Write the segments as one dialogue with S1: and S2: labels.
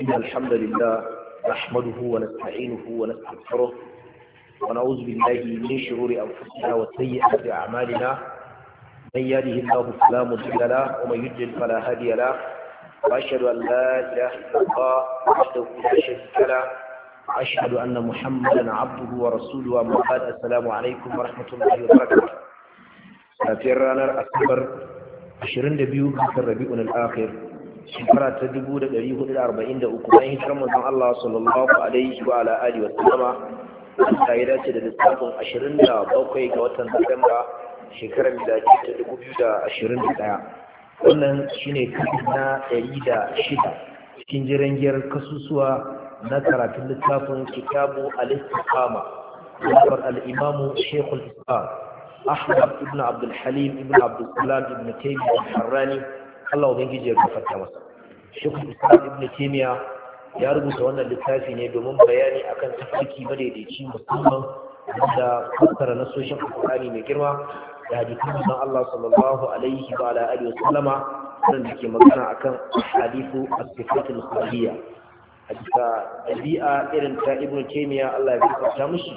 S1: إن الحمد لله نحمده ونستعينه ونستغفره ونعوذ بالله من شرور أنفسنا وسيئات أعمالنا من يهده الله فلا مضل له ومن يضلل فلا هادي له وأشهد أن لا إله إلا الله وحده لا شريك له وأشهد أن محمدا عبده ورسوله وما بعد السلام عليكم ورحمة الله وبركاته في الرانر أكبر 22 في الربيع الآخر shekara ta dubu da da da hudu arba'in 1443 bayan hijirar manzon Allah sallallahu alaihi wa ala alihi wa sallama ta yi dace da lissafin 27 ga watan Disamba shekarar miladi ta dubu biyu da da ashirin 2021 wannan shine kashi na da shida. cikin jirangiyar kasusuwa na karatun littafin kitabu al-istiqama wafar al-imamu shekul islam أحمد بن عبد Ibn بن عبد السلام بن تيمية الحراني Allah ubangiji ya gafarta masa Sheikh Islam Ibn Taymiyyah ya rubuta wannan littafi ne domin bayani akan tafarki madaidaici musamman da fassara nasoshin Al-Qur'ani mai girma da hadisin manzon Allah sallallahu alaihi wa ala alihi wasallama da ke magana akan hadithu as-sifatul khabiyya hadisa dabi'a irin ta Ibn Taymiyyah Allah ya gafarta mishi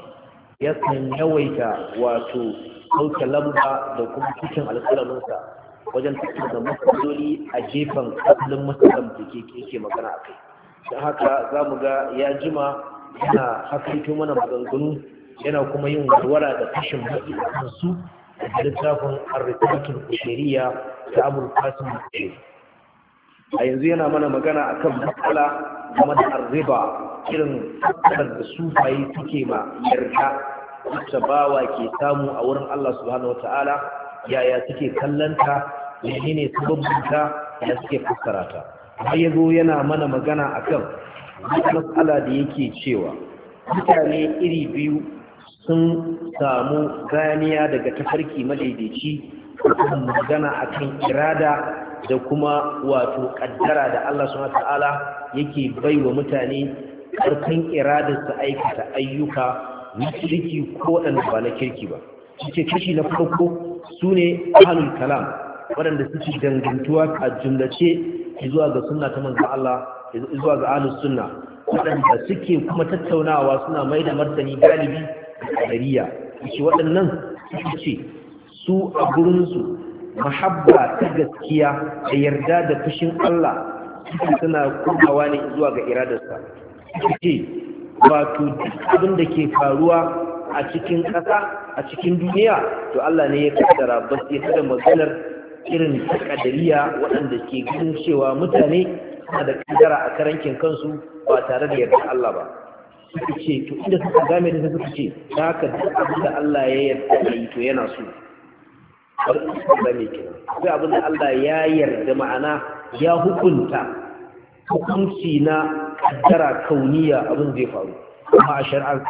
S1: ya yawaita wato sauke lamba da kuma cikin alƙalaminsa wajen fitar da matsaloli a gefen asalin matsalan da ke magana a kai don haka za mu ga ya jima yana hakaito mana maganganu yana kuma yin warwara da fashin baki a kansu da littafin arrikatul kushiriya ta abul qasim a yanzu yana mana magana akan matsala game da arriba irin fasar da sufaye suke ma yarda wacce bawa ke samu a wurin Allah subhanahu yaya suke kallanta menene sababbinta da suke fassara ta har yazo yana mana magana akan matsala da yake cewa mutane iri biyu sun samu ganiya daga tafarki madaidaici kan magana akan irada da kuma wato kaddara da Allah subhanahu wataala yake baiwa mutane karfin iradar su aikata ayyuka na kirki ko waɗanda ba na kirki ba. Cike kashi na farko su ne ahalul kalam waɗanda suke dangantuwa a jumlace zuwa ga suna ta manzan Allah zuwa ga alus sunna waɗanda suke kuma tattaunawa suna mai da martani galibi a dariya shi waɗannan suke ce su a gurinsu mahabba ta gaskiya da yarda da fushin Allah suke suna kurawa ne zuwa ga iradarsa suke ce wato duk abin da ke faruwa a cikin ƙasa a cikin duniya to Allah ne ya kaddara ba sai da maganar irin takadariya waɗanda ke ganin cewa mutane suna da kaddara a karankin kansu ba tare da yarda Allah ba suka ce to inda suka game da suka ce na ka duk abin da Allah ya yarda da yi to yana so bari in suka game kenan duk abin da Allah ya yarda ma'ana ya hukunta hukunci na kaddara kauniya abin zai faru amma a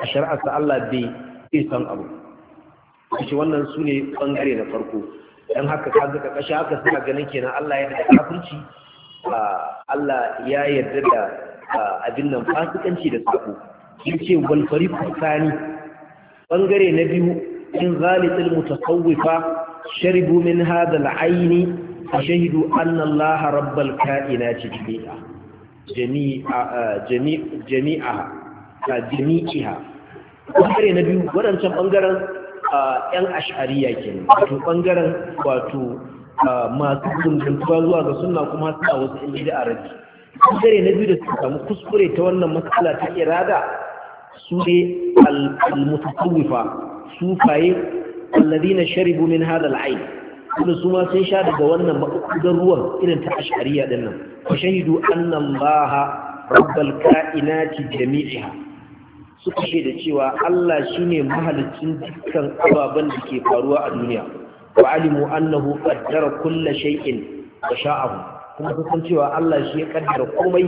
S1: shari'arsa Allah bai san abu. Kashi wannan su ne ɓangare na farko. Yan haka kaga ka kashi haka suna ganin kenan Allah ya da kafirci Allah ya yarda da abin nan fasikanci da sako yace wal fariqu thani bangare na biyu in zalitul mutasawwifa sharibu min hadha al-ayn fashahidu anna Allah rabbul kainati jami'a jami'a jami'a jami'a bangare na biyu wadancan bangaren yan ash'ariya kenan wato ɓangaren wato masu gunguntuwa zuwa ga suna kuma suna wasu gida bid'a rabi bangare na biyu da suka samu kuskure ta wannan matsala ta irada su ne al sufaye alladhina sharibu min hadha al-ayn kuma su ma sun sha daga wannan maƙudan ruwan irin ta ash'ariya dinnan wa shahidu anna rabbal ka'inati jami'iha suka da cewa Allah shine mahalicin dukkan ababen da ke faruwa a duniya wa alimu annahu qaddara kulla shay'in wa sha'ahu kuma ka san cewa Allah shi ya kaddara komai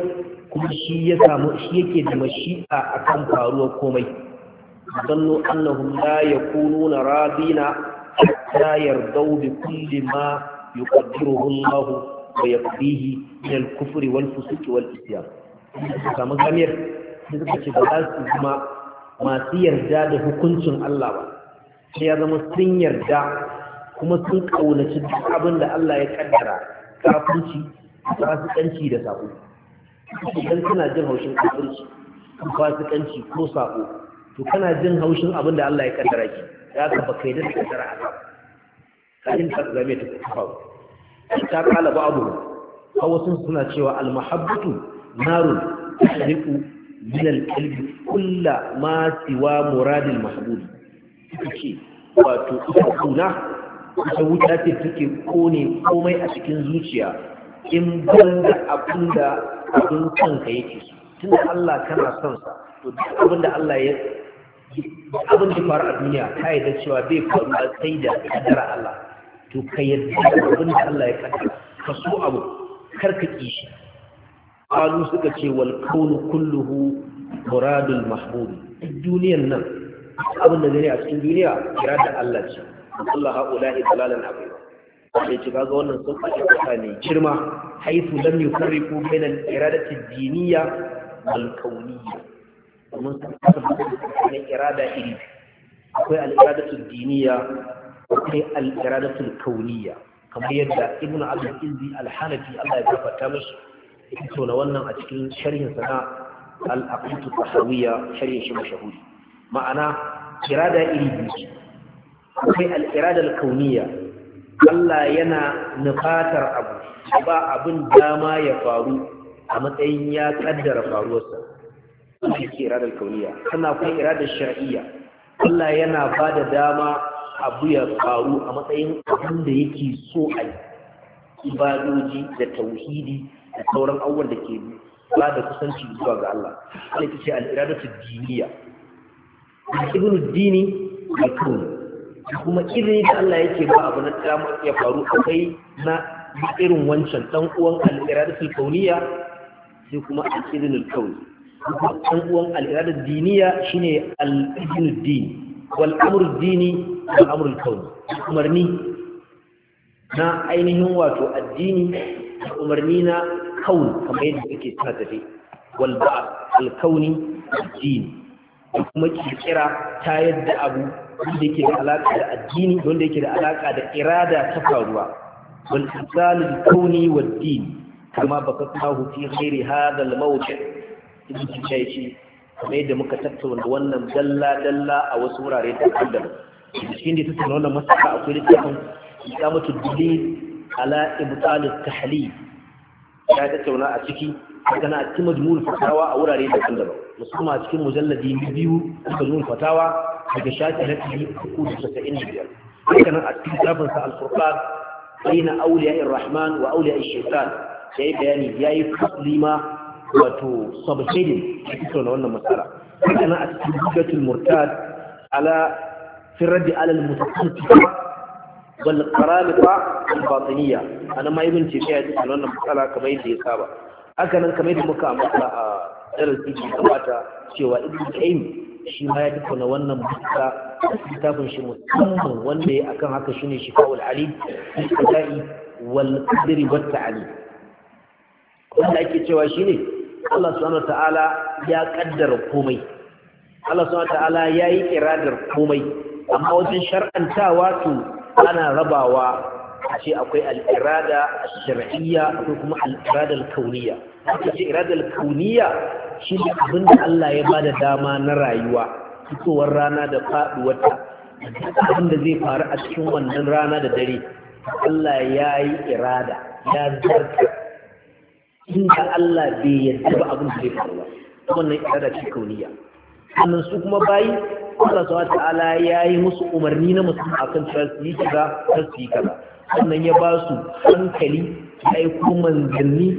S1: kuma shi ya samu shi yake da mashi'a akan faruwa komai zannu annahum la yakununa radina hatta yardau bi kulli ma yuqaddiruhu Allah wa yaqdihi min al-kufri wal fusuq wal isyan kama da suka ce ba za su kuma masu yarda da hukuncin Allah ba sai ya zama sun yarda kuma sun kaunaci duk abin da Allah ya kaddara su fasikanci da sako idan kana jin haushin kafirci fasikanci ko sako to kana jin haushin abin da Allah ya kaddara ki ya ka baka yarda da kaddara Allah kain ta zame ta kafa ta kala ba abu hawa sun suna cewa al-mahabbatu narun tahriqu min al-qalbi kullu ma siwa muradil mahbub kace wato ita kuna ita wuta ce take kone komai a cikin zuciya in banda abinda abin kanka yake tunda Allah kana son sa to duk abinda Allah ya abin da faru a duniya ka yi da cewa bai faru a sai da kaddara Allah to ka yadda abin da Allah ya kaddara ka so abu kar ka kishi qalu suka ce wal kaunu kulluhu muradul mahmud duniyar nan abin da gani a cikin duniya kira da Allah ce Allah haulahi dalalan abu sai ce kaga wannan sun faɗi kasa ne girma haifu lam yufarriqu bayna al-iradati ad-diniyya wal kawniyya domin sun faɗi tsakanin irada iri akwai al-iradatu ad-diniyya akwai al-iradatu al-kawniyya kamar yadda ibnu abdul izzi al-hanafi Allah ya gafarta mishi ito na wannan a cikin sharhin sana al'aqidu tahawiyya sharhin shi mashahuri ma'ana irada iri biyu akwai al'irada al-kauniyya Allah yana nufatar abu ba abin dama ya faru a matsayin ya kaddara faruwarsa shi ke iradar kauniya tana kuma irada shar'iyya Allah yana ba da dama abu ya faru a matsayin abin da yake so a yi ibadoji da tauhidi da sauran abubuwan da ke ba da kusanci zuwa ga Allah sai ta ce al'iradatu diniya ibnu dini da kun kuma izini da Allah yake ba abu na kama ya faru akwai na irin wancan dan uwan al'iradatu kauniya sai kuma al'izinu kauni dan uwan al'iradatu diniya shine al'izinu dini wal amru dini wal amru kauni umarni na ainihin wato addini umarni na kaun kamar yadda suke suna tafi wal ba'd al kauni din kuma kirkira ta yadda abu wanda yake da alaƙa da addini wanda yake da alaƙa da irada ta faruwa wal insani al kauni wad din kama bakatahu fi ghairi hadha al mawdi' ibn tayyishi kamar yadda muka tattauna wannan dalla dalla a wasu wurare daban-daban cikin da tattauna wannan masaka akwai littafin ikamatu dalil ala ibtal al tahlil ya tattauna a ciki magana a cikin majmu'ul fatawa a wurare daban-daban musamman a cikin mujalladi biyu a majmu'ul fatawa daga shafi na ɗari uku da casa'in da biyar haka nan a cikin littafinsa al-furqan bayna awliya rahman wa awliya ash-shaytan yayi bayani yayi fasli ma wato subheading a cikin wannan matsala haka nan a cikin bugatul murtad ala firadi alal mutasantifa wal qaramita al batiniya anan ma ibn tafiya ya tsaya wannan matsala kamar yadda ya saba haka nan kamar yadda muka ambata a darasi da gabata cewa ibn qayyim shi ma ya tattauna wannan matsala littafin shi musamman wanda ya akan haka shine shifa'ul alim al-qada'i wal qadri wat ta'lim wanda ake cewa shine Allah subhanahu ta'ala ya kaddara komai Allah subhanahu ta'ala ya yi iradar komai amma wajen shar'antawa to ana rabawa a ce akwai al'irada shari'iyya akwai kuma al'iradar kauniya aka ce iradar kauniya shi ne abin da Allah ya bada dama na rayuwa fitowar rana da faɗuwarta abin da zai faru a cikin wannan rana da dare Allah ya yi irada ya zarta inda Allah bai yadda ba abin da zai faru ba wannan irada ce kauniya sannan su kuma bayi Allah ta'ala ya yi musu umarni na musamman akan cewa su yi kaza kar su yi kaza sannan ya ba su hankali ya aiko manzanni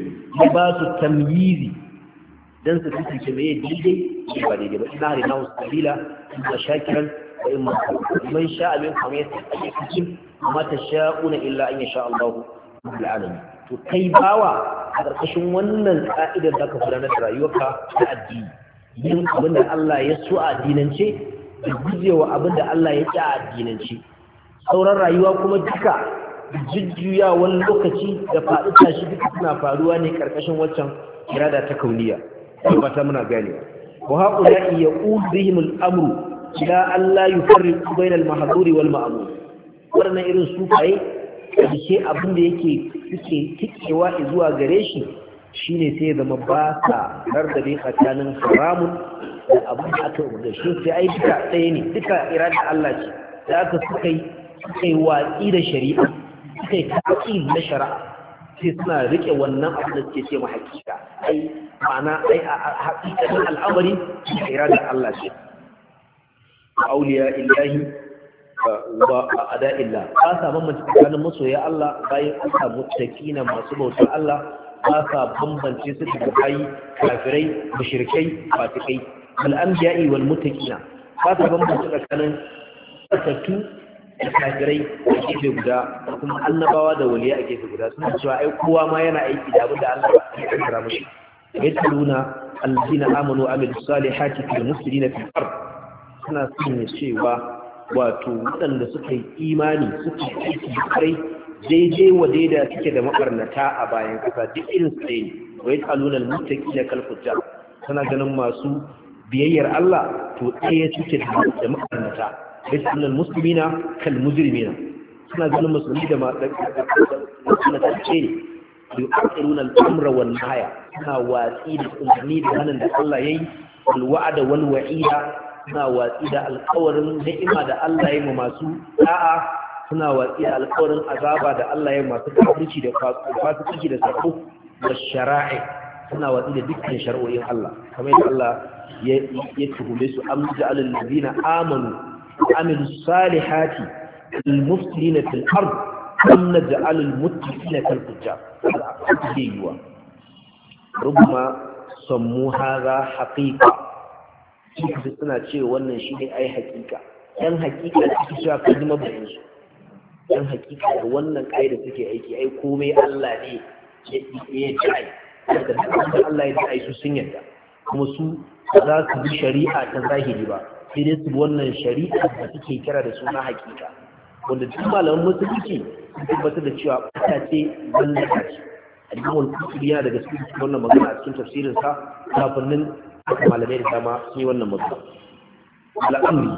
S1: ya ba su tamyizi dan su kasance mai daidai ya ba daidai ba ina hari na wasu kabila ina shakiran wa in ma man sha'a min kuma ya cikin amma ta illa an sha Allah rabbul alamin to kai bawa a ƙarƙashin wannan ka'idar da ka gudanar da rayuwarka ta addini yin abin da Allah ya so a addinance da gujewa abin da Allah ya ƙi a addinance sauran rayuwa kuma duka jujjuya wani lokaci da faɗi tashi duka suna faruwa ne ƙarƙashin waccan irada ta kauniya ba ta muna gane wa haƙula iya ƙudrihim al'amru ila Allah yi farri al-mahaduri wal ma'amu waɗannan irin sufaye ƙarshe abin da yake suke tikewa zuwa gare shi shine sai zama ba sa rarrabe tsakanin haramun da abin da aka rubuta shi sai ai duka ɗaya ne duka irada Allah ce da aka suka yi suka yi watsi da shari'a suka yi ta'aqil na shari'a sai suna rike wannan abin da suke ce ma hakika ai ma'ana ai a hakikatin al'amari da irada Allah ce auliya illahi a ada illa ba sa bambance tsakanin masoya Allah bayan an samu takina masu bautar Allah ba sa bambance su da bayi kafirai mushrikai fasikai al'ambiya'i wal mutakina ba ta bambanta tsakanin tsakatu da kafirai a gefe guda da kuma annabawa da waliya a gefe guda suna cewa ai kowa ma yana aiki da abin da Allah ya kankara mashi yatluna allazina amanu wa amilu salihati fil muslimina fil ard suna sanya cewa wato waɗanda suka yi imani suka yi aiki kai daidai wa daidai suke da mabarnata a bayan kasa duk irin su ne wa yatluna na muttaqina suna ganin masu biyayyar Allah to ɗaya suke da makarnata bai sanar musulmina kal mujrimina suna ganin musulmi da makarnata ce ne da yuƙaƙirun al'amra wal nahaya suna watsi da umarni da hannun da Allah ya yi alwa'ada wani wa'ida suna watsi da alƙawarin ni'ima da Allah ya yi ma masu da'a suna watsi da alƙawarin azaba da Allah ya yi masu kafirci da fasiki da sako da shara'i suna watsi da dukkan shar'o'in Allah kamar yadda Allah ya tuhume su an ja'alul ladina amanu wa amilus salihati kal mufsidina fil ard am naj'alul muttaqina kal fujjar yiwa rubma sammu hadha haqiqa su suna ce wannan shi ne ai haƙiƙa. yan haqiqa su cewa kadima bayan su yan haƙiƙa da wannan da suke aiki ai komai Allah ne ya yi ya yi daga da Allah ya yi su sun yarda kuma su ba za su bi shari'a ta zahiri ba sai dai su wannan shari'a da suke kira da suna hakika wanda duk malaman musulunci sun tabbatar da cewa ɓata ce wanda ta ce kusuri yana daga cikin wannan magana a cikin tafsirin sa kafin nan malamai da dama sai wannan magana al'amri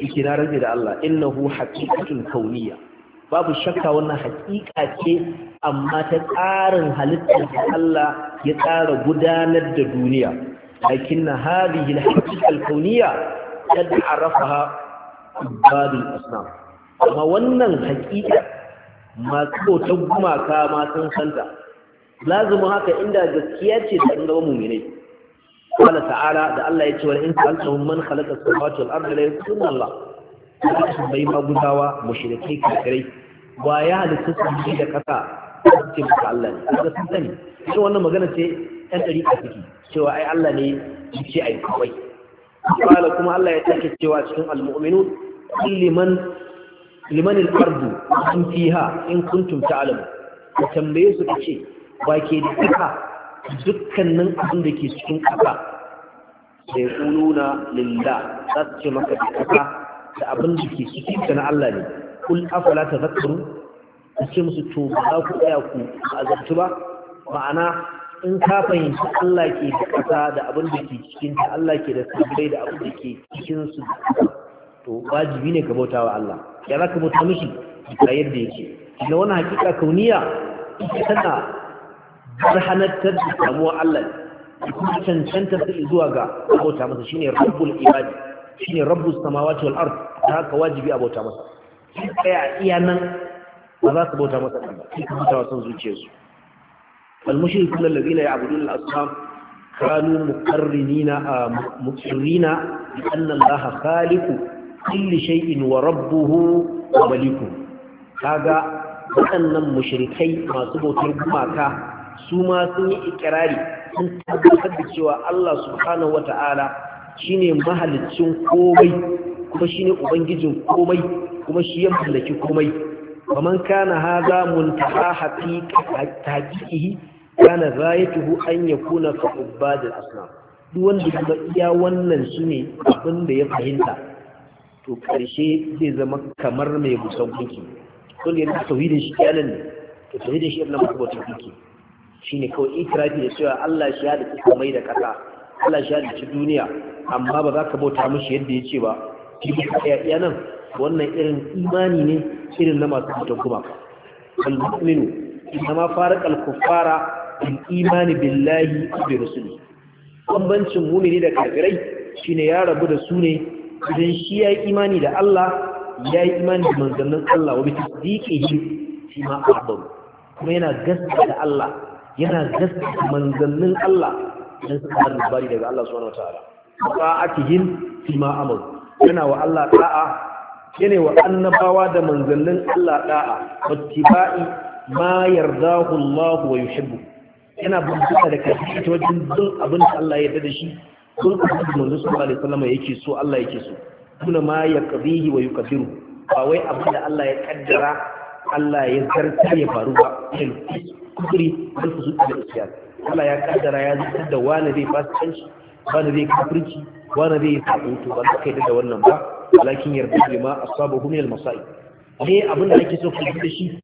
S1: yake na rage da Allah innahu haqiqatun kauniyya babu shakka wannan haƙiƙa ce amma ta tsarin halittar da Allah ya tsara gudanar da duniya lakin na hadihi al-haqiqa al-kauniyya qad arafaha ibad al-asnam amma wannan haƙiƙa masu ta gumaka ma sun santa lazumin haka inda gaskiya ce da inda mu'minai qala ta'ala da Allah ya ce wa in sa'altahum man khalaqa as-samawati wal arda la yaquluna Allah bai magudawa mushrikai kafirai wa ya halitta su da kasa ce maka Allah ne kaga sun sani shi wannan magana ce ɗan a ciki, cewa ai Allah ne yake ai kawai kala kuma Allah ya take cewa cikin almu'minu liman liman al-ardu in fiha in kuntum ta'lamu ka tambaye su ce ba ke da kaka dukkanin abin da ke cikin kaka sai kuluna lillah za su ce maka da kaka da abin da ke cikin na Allah ne kul afala tazakkaru ku ce musu to ba za ku tsaya ku azabtu ba ma'ana in ka fahimci Allah ke da ƙasa da abin da ke cikin ta Allah ke da sabai da abin da ke cikin su to wajibi ne ka bauta wa Allah ya za ka bauta mishi ga yadda yake Ina wani hakika kauniya ita tana barhanantar da samuwa Allah da kuma cancanta ta zuwa ga bauta masa shine rabbul ibad shine rabbus samawati wal ard ta haka wajibi a bauta masa sai a iya nan ba za su bauta masa ba kai ka bauta wa son zuciyarsu المشركون الذين يعبدون الأصنام كانوا مقرنين مقرين بأن الله خالق كل شيء وربه ومليكه هذا waɗannan mushrikai masu bautar gumaka su ma sun yi ikirari sun tabbatar da cewa Allah subhanahu wata'ala shine mahaliccin komai kuma shine ubangijin komai kuma shi ya mallaki komai faman kana haza muntaha haqiqatihi kana ghayatuhu an yakuna ka ubadul asnam duk wanda kuma iya wannan su ne abin da ya fahimta to karshe zai zama kamar mai busan kuki kun yana tauhidin shi kenan ne to tauhidin shi na mutubatin kuki shine kawai itirafi da cewa Allah shi ya da mai da kasa Allah shi ya da duniya amma ba za ka bauta mishi yadda ya ce ba ya nan wannan irin imani ne irin na masu mutum kuma al-mu'minu inma farqa al-kuffara bil imani billahi wa bi rasuli bambancin mu'mini da kafirai shine ya rabu da su ne idan shi ya yi imani da Allah ya yi imani da manzannin Allah wa bi tasdiqihi fi ma akhbar kuma yana gaskata Allah yana gaskata manzannin Allah dan su fara daga Allah subhanahu wataala ta'atihim fi ma amr yana wa Allah ta'a yana wa annabawa da manzannin Allah ta'a wattiba'i ma yardahu Allah wa yuhibbu yana bukata da karfi ta wajen bin abin da Allah ya da shi sun abin da manzo sallallahu alaihi wasallam yake so Allah yake so kuna ma ya qadihi wa yuqaddiru ba wai abin da Allah ya kaddara Allah ya zarta ya faru ba kufri wal fusuq da isyan Allah ya kaddara ya zartar da wani zai fasikanci wani zai kafirci wani zai sabuto ba za da wannan ba walakin yarda bi ma asabahu min al masai ne abin da ake so ku da shi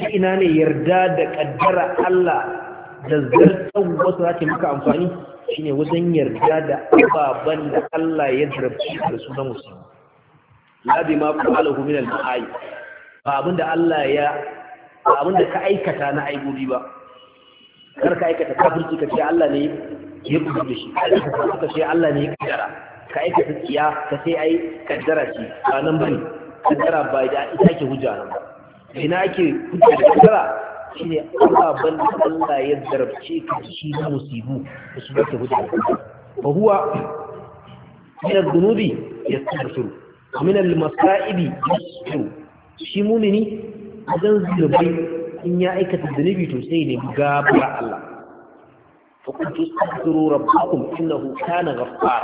S1: ta ina ne yarda da kaddara Allah da zartan wasu ake maka amfani shine wajen yarda da ababen da Allah ya zarafi da su na musulmi Ya bi ma kuma min al-ma'ayib ba abinda Allah ya ba da ka aikata na aibobi ba kar ka aikata kafirci ka ce Allah ne ya kudu da shi ka ce Allah ne ya kaddara ka aikata tsiya ka sai ai kaddara ce ba nan bane kaddara ba da ita ake hujja nan ba ina ake hujja da kaddara shi ne ababen da Allah ya zarabce ka shi na musibu da su zata hudu fa huwa min adh-dhunubi yastaghfiru wa min al-masa'ibi yastaghfiru shi mumini wajen zunubai in ya aikata zunubi to sai ne gaba Allah فقلت استغفروا ربكم huta na gafa.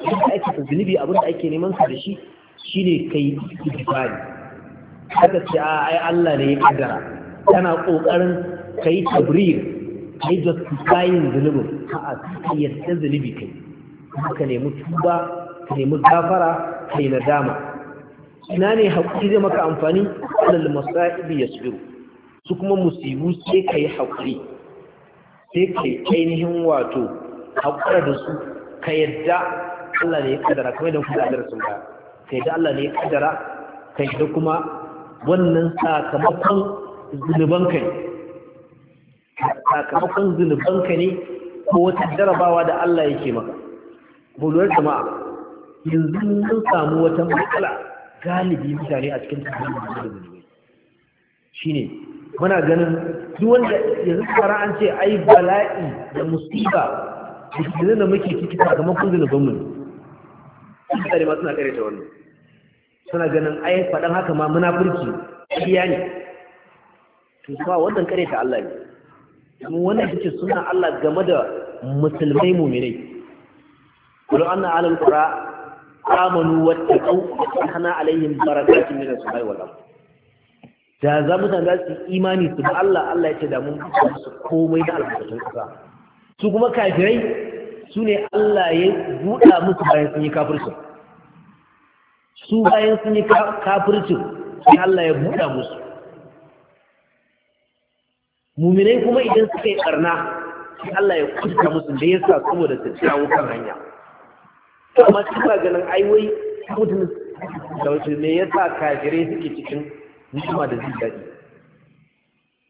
S1: Yin aikata zunubi abin ake neman su da shi shi ne kai istighfari kada ce a ai Allah ne ya kaddara Tana ƙoƙarin ka yi tabrir ka yi justifying zunubin a cikin yadda zunubi kai ka nemi tuba ka nemi gafara ka yi nadama ina ne haƙuri zai maka amfani alal masa'ibi ya tsiru su kuma musibu sai ka yi haƙuri sai ka yi ainihin wato haƙura da su ka yadda Allah ne ya kadara kamar yadda ku da sun ba ka yadda Allah ne ya kadara ka yadda kuma wannan sakamakon zunubanka ne sakamakon ka ne ko wata jarabawa da Allah yake maka buluwar jama'a yanzu mun samu wata matsala galibi mutane a cikin tattalin da Shi shine muna ganin duk wanda yanzu tsara an ce ai bala'i da musiba da da muke ciki sakamakon zunubanmu ne mutane ma suna kare ta wannan suna ganin ai faɗan haka ma munafurci iya ne to ba wannan kare ta Allah ne mu wannan ita suna Allah game da musulmai mu'minai kullu anna alal qura amanu wattaqu kana alaihim barakatun min as-samai wal ardh da za mu san su imani su ba Allah Allah ya ce da mun su komai da albarkatun kasa su kuma kafirai su ne Allah ya buɗa musu bayan sun yi kafirci su bayan sun yi kafirci sai Allah ya buɗa musu muminai kuma idan suka yi barna shi Allah ya kusa musu da yasa saboda su shawo kan hanya to amma shi ba ganin ai wai mutum da wato ya sa kafirai suke cikin nishima da zai daɗi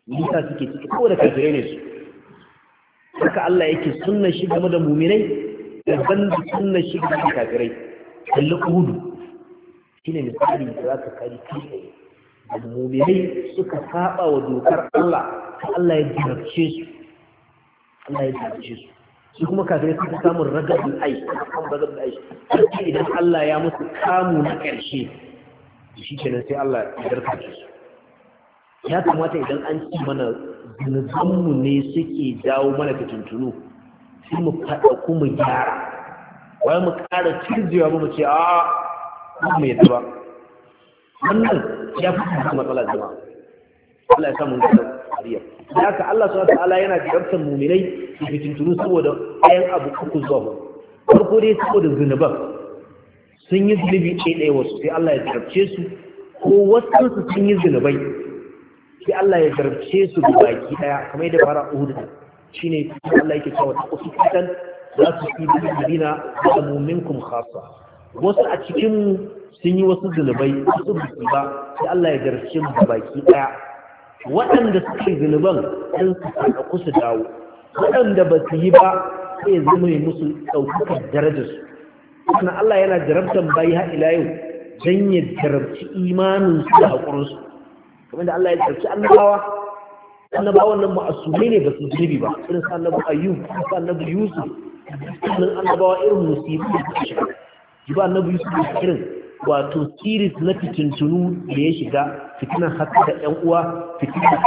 S1: nisa suke ciki saboda kafirai ne su haka Allah yake sunna shi game da muminai da banda sunna shi game da kafirai kalli kudu ne misali da za ka kari kai da muminai suka saba wa dokar Allah Allah ya jirarce su Allah ya jirarce su su kuma kafirai suka samun ragabin aishi kan ragabin aishi sai idan Allah ya musu kamu na ƙarshe shi kenan sai Allah ya jirarce su ya kamata idan an ci mana zunubanmu ne suke jawo mana tuntunu sai mu faɗa kuma gyara wai mu ƙara cirjewa ba mu ce a ba mu yadda ba wannan ya fi matsala zama Allah ya samu gaba al'ariya da haka Allah subhanahu ta'ala yana jarabtar mu'minai da fitintunu saboda ayan abu uku zuwa farko dai saboda zunuban sun yi zunubi ɗaya ɗaya wasu sai Allah ya jarabce su ko wasu su sun yi zunubai sai Allah ya jarabce su da baki ɗaya kamar yadda fara Uhud shine Allah yake cewa ta usu kitan za su fi bi madina da mu'minkum khassa wasu a cikin sun yi wasu zunubai wasu biki ba sai Allah ya jarabce mu da baki ɗaya waɗanda suka yi zunuban sun su sanaku su dawo waɗanda ba su yi ba sai zama yi musu ɗaukakar darajarsu Kuma Allah yana jarabtan bayi ha ila yau don ya jarabci imaninsu da haƙurinsu kamar da Allah ya jarabci annabawa annabawan nan ma'asumai ne ba su zunubi ba irin sa annabu ayyub sa annabu yusuf sannan annabawa irin musibi da suka shiga ba annabu yusuf irin wato series na fitintunu da ya shiga fitinan haka da yan uwa fitinan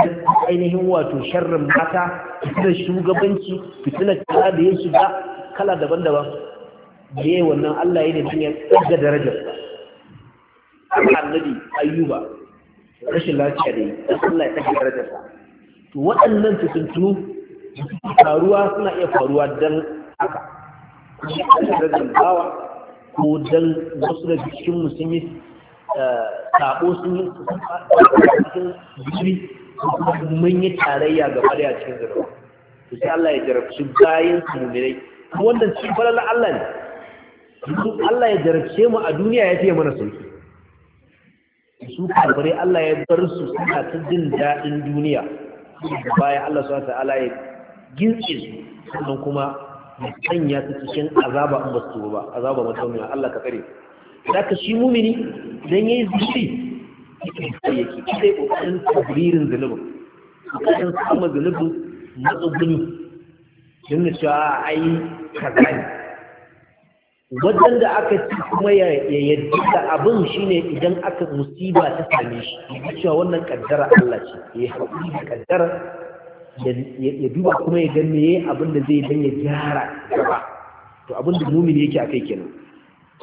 S1: ainihin wato sharrin mata fitinan shugabanci fitinan kala da ya shiga kala daban-daban da yayi wannan Allah ya nemi ya tsaga darajar annabi ayyuba rashin lafiya da yi Allah ya tsaga darajar sa to waɗannan fitintunu faruwa suna iya faruwa dan haka shi darajar bawa ko dan wasu da cikin musulmi sabo sun yi cikin jiri mun yi tarayya ga fari a cikin zirwa to sai Allah ya jarabci bayan su mumirai wanda cikin falala Allah ne Allah ya jarabce mu a duniya ya fiye mana sauki su karbare Allah ya bar su suna ta jin daɗin duniya bayan Allah su wata ta'ala ya gintse su sannan kuma sanya su cikin azaba in ba su ba azaba mutumin Allah ka kare ka shi mumini dan yayi zuci yake sai kokarin tabririn zalubin kokarin samun zalubin matsuguni don ne cewa ai kaza ne wajen da aka ci kuma ya yadda da abin shine idan aka musiba ta same shi cewa wannan kaddara Allah ce ya haƙuri da kaddara ya duba kuma ya gan meye abin da zai dan ya gyara gaba to abin da mumin yake akai kenan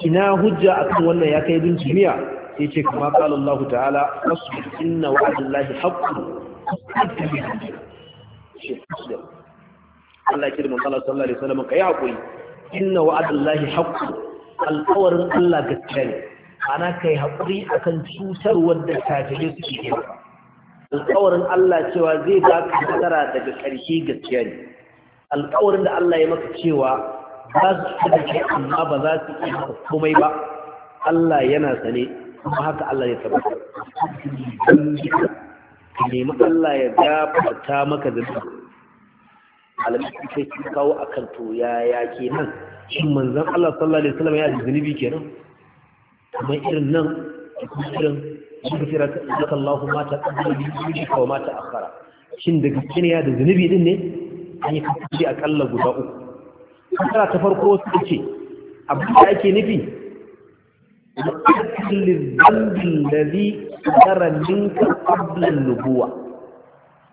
S1: ina hujja akan wannan ya kai bin jimiya sai ce kuma qala Allah ta'ala asbir inna wa'dallahi haqqun Allah ya kirman Allah sallallahu alaihi wasallam kai hakuri inna wa'dallahi haqqun alqawarin Allah gaskiya ne ana kai hakuri akan cutarwar da kafirai suke yi alƙawarin Allah cewa zai ba ka nasara daga ƙarshe gaskiya ne alƙawarin da Allah ya maka cewa za su ci da kai amma ba za su ci da komai ba Allah yana sane kuma haka Allah ya tabbata ka nemi Allah ya gafarta maka zunubi alamin sai ki kawo akan to ke nan. shin manzon Allah sallallahu alaihi wasallam ya zunubi kenan kamar irin nan irin yaghfiraka Allahu ma shin da ya da zunubi din ne an yi guda uku kasara ta farko su ce abin da ake nufi lil dhanbi alladhi tara minka qabla an-nubuwa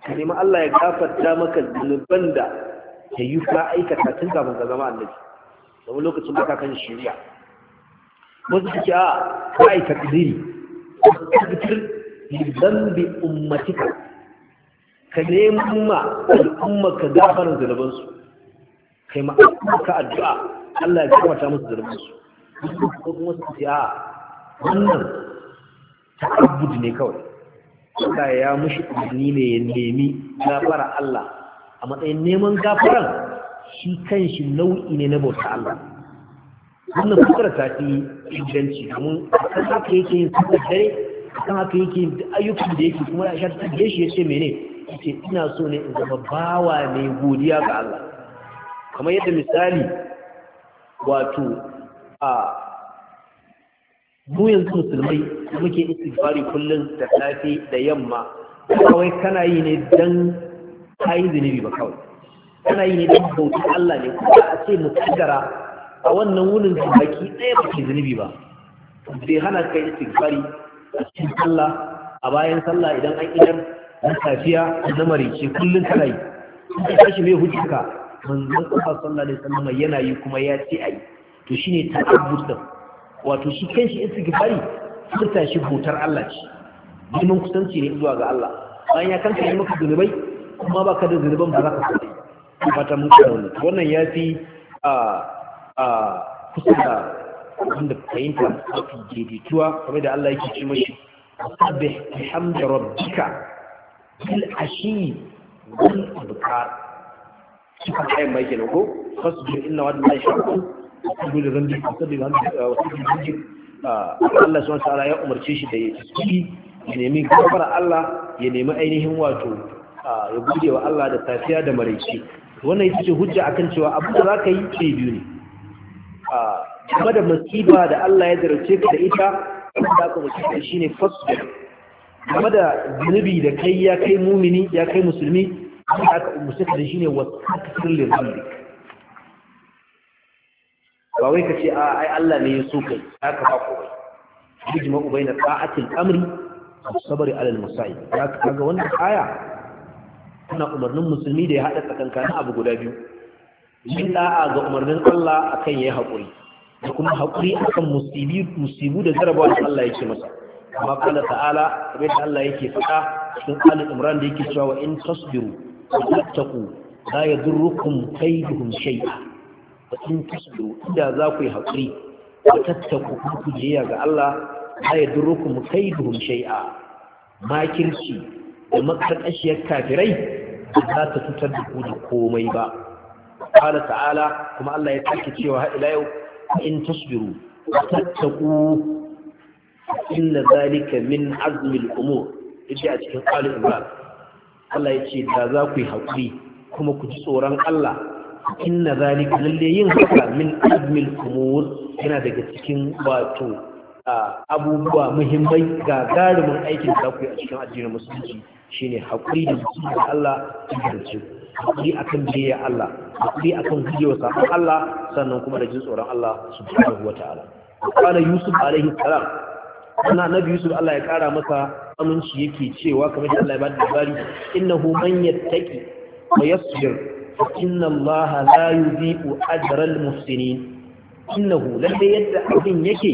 S1: nemi Allah ya gafarta maka zunuban da yayi fa aikata tun kafin ka zama annabi saboda lokacin baka kan shari'a wasu suke a ka aikata diri tabbatar da zambi ummatika ka nema al'umma ka gafara zanabansu kai ma'amma addu'a Allah ya kamata musu zanabansu su ko kuma su ce a wannan ta'abbud ne kawai Allah ya mushi umarni ne ya nemi gafara Allah a matsayin neman gafaran shi kanshi nau'i ne na bauta Allah wannan sutura ta fi inganci domin kan haka yake yin sutura dare kan haka yake yin ayyukan da yake kuma aisha ta tafiye shi ya ce mene ce ina so ne in zama bawa ne godiya ga Allah kamar yadda misali wato a mu yanzu musulmai da muke istighfari kullum da safe da yamma kawai kana yi ne dan kayi zunubi ba kawai kana yi ne dan bauta Allah ne kuma a ce mu kaddara a wannan wunin da baki ɗaya ba ke zunubi ba bai hana kai istighfari a cikin sallah a bayan sallah idan an idar na safiya na marice kullum kana yi in ka tashi mai hujjarka manzon Allah sallallahu alaihi wasallam yana yi kuma ya ce ai to shine ta'abbud din wato shi kanshi istighfari furta shi hutar Allah ce neman kusanci ne zuwa ga Allah bayan ya kanka yi maka zunubai kuma baka da zunuban ba za ka fadi fata mun kawo wannan ya fi a ah, kusa da wanda fahimta mafi daidaituwa kamar da Allah yake ce mashi sabih bihamdi rabbika bil ashi wal abkar suka kai mai kenan ko fasbir inna wa'da Allah shaqqu wasbir li dhanbi wasbir li dhanbi Allah subhanahu wa ta'ala ya umarce shi da ya tsiki ya nemi gafara Allah ya nemi ainihin wato ya gode wa Allah da tafiya da maraice wannan ita ce hujja akan cewa abin da zaka yi ce biyu ne game da masiba da Allah ya zarce ka da ita da aka mutu shi ne fasbir game da zunubi da kai ya kai mumini ya kai musulmi da aka umarci ka da shi ne wasu kafirin ba wai ka ce a ai Allah ne ya so kai ya ka ba komai yujma ubayna ta'atil amri wa sabri ala al-musa'ib ya ka ga wannan aya tana umarnin musulmi da ya hada tsakankanin abu guda biyu yin da'a ga umarnin Allah akan yayi haƙuri da kuma haƙuri akan musibi musibu da jarabawa da Allah yake masa amma kala ta'ala kamar da Allah yake faɗa cikin Ali Imran da yake cewa in tasbiru wa tattaqu la yadurrukum kayduhum shay'a wa in tasbiru idan za ku yi haƙuri wa tattaqu ku jiya ga Allah la yadurrukum kayduhum shay'a makirci da makarƙashiyar kafirai ba za ta fitar da ku da komai ba qala ta'ala kuma Allah ya sake cewa ila yau in tasbiru wa tattaqu inna zalika min azmi umur yace a cikin Ali Imran Allah ya ce da za ku yi haƙuri kuma ku ji tsoron Allah inna zalika lalle yin haka min azmi al-umur yana daga cikin wato abubuwa muhimmai ga garimin aikin da ku yi a cikin addinin musulunci shine haƙuri da da Allah ya ku hakuri akan biyayya Allah hakuri akan gujewa sabon Allah sannan kuma da jin tsoron Allah subhanahu wataala kana Yusuf alaihi salam kana nabi Yusuf Allah ya kara masa aminci yake cewa kamar da Allah ya bada labari innahu man yattaqi wa yasbir inna Allah la yudhi'u ajra al-muhsinin innahu lalle yadda abin yake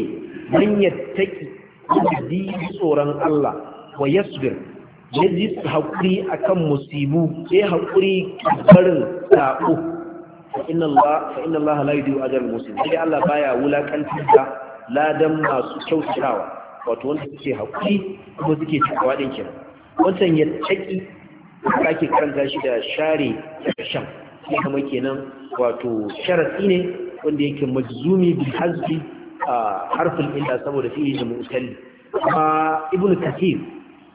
S1: man yattaqi tsoron Allah wa yasbir ya su haƙuri a kan musibu ya haƙuri barin saƙo fa'inna Allah la yudiyu ajar musulmi sai Allah baya wulaƙantar da ladan masu kyautatawa wato wanda suke haƙuri kuma suke cikawa ɗin kira wancan ya taƙi da ake karanta shi da share shan sai kama kenan wato sharaɗi ne wanda yake majzumi bi hazbi a harfin illa saboda fiye da mu'talli amma ibnu kathir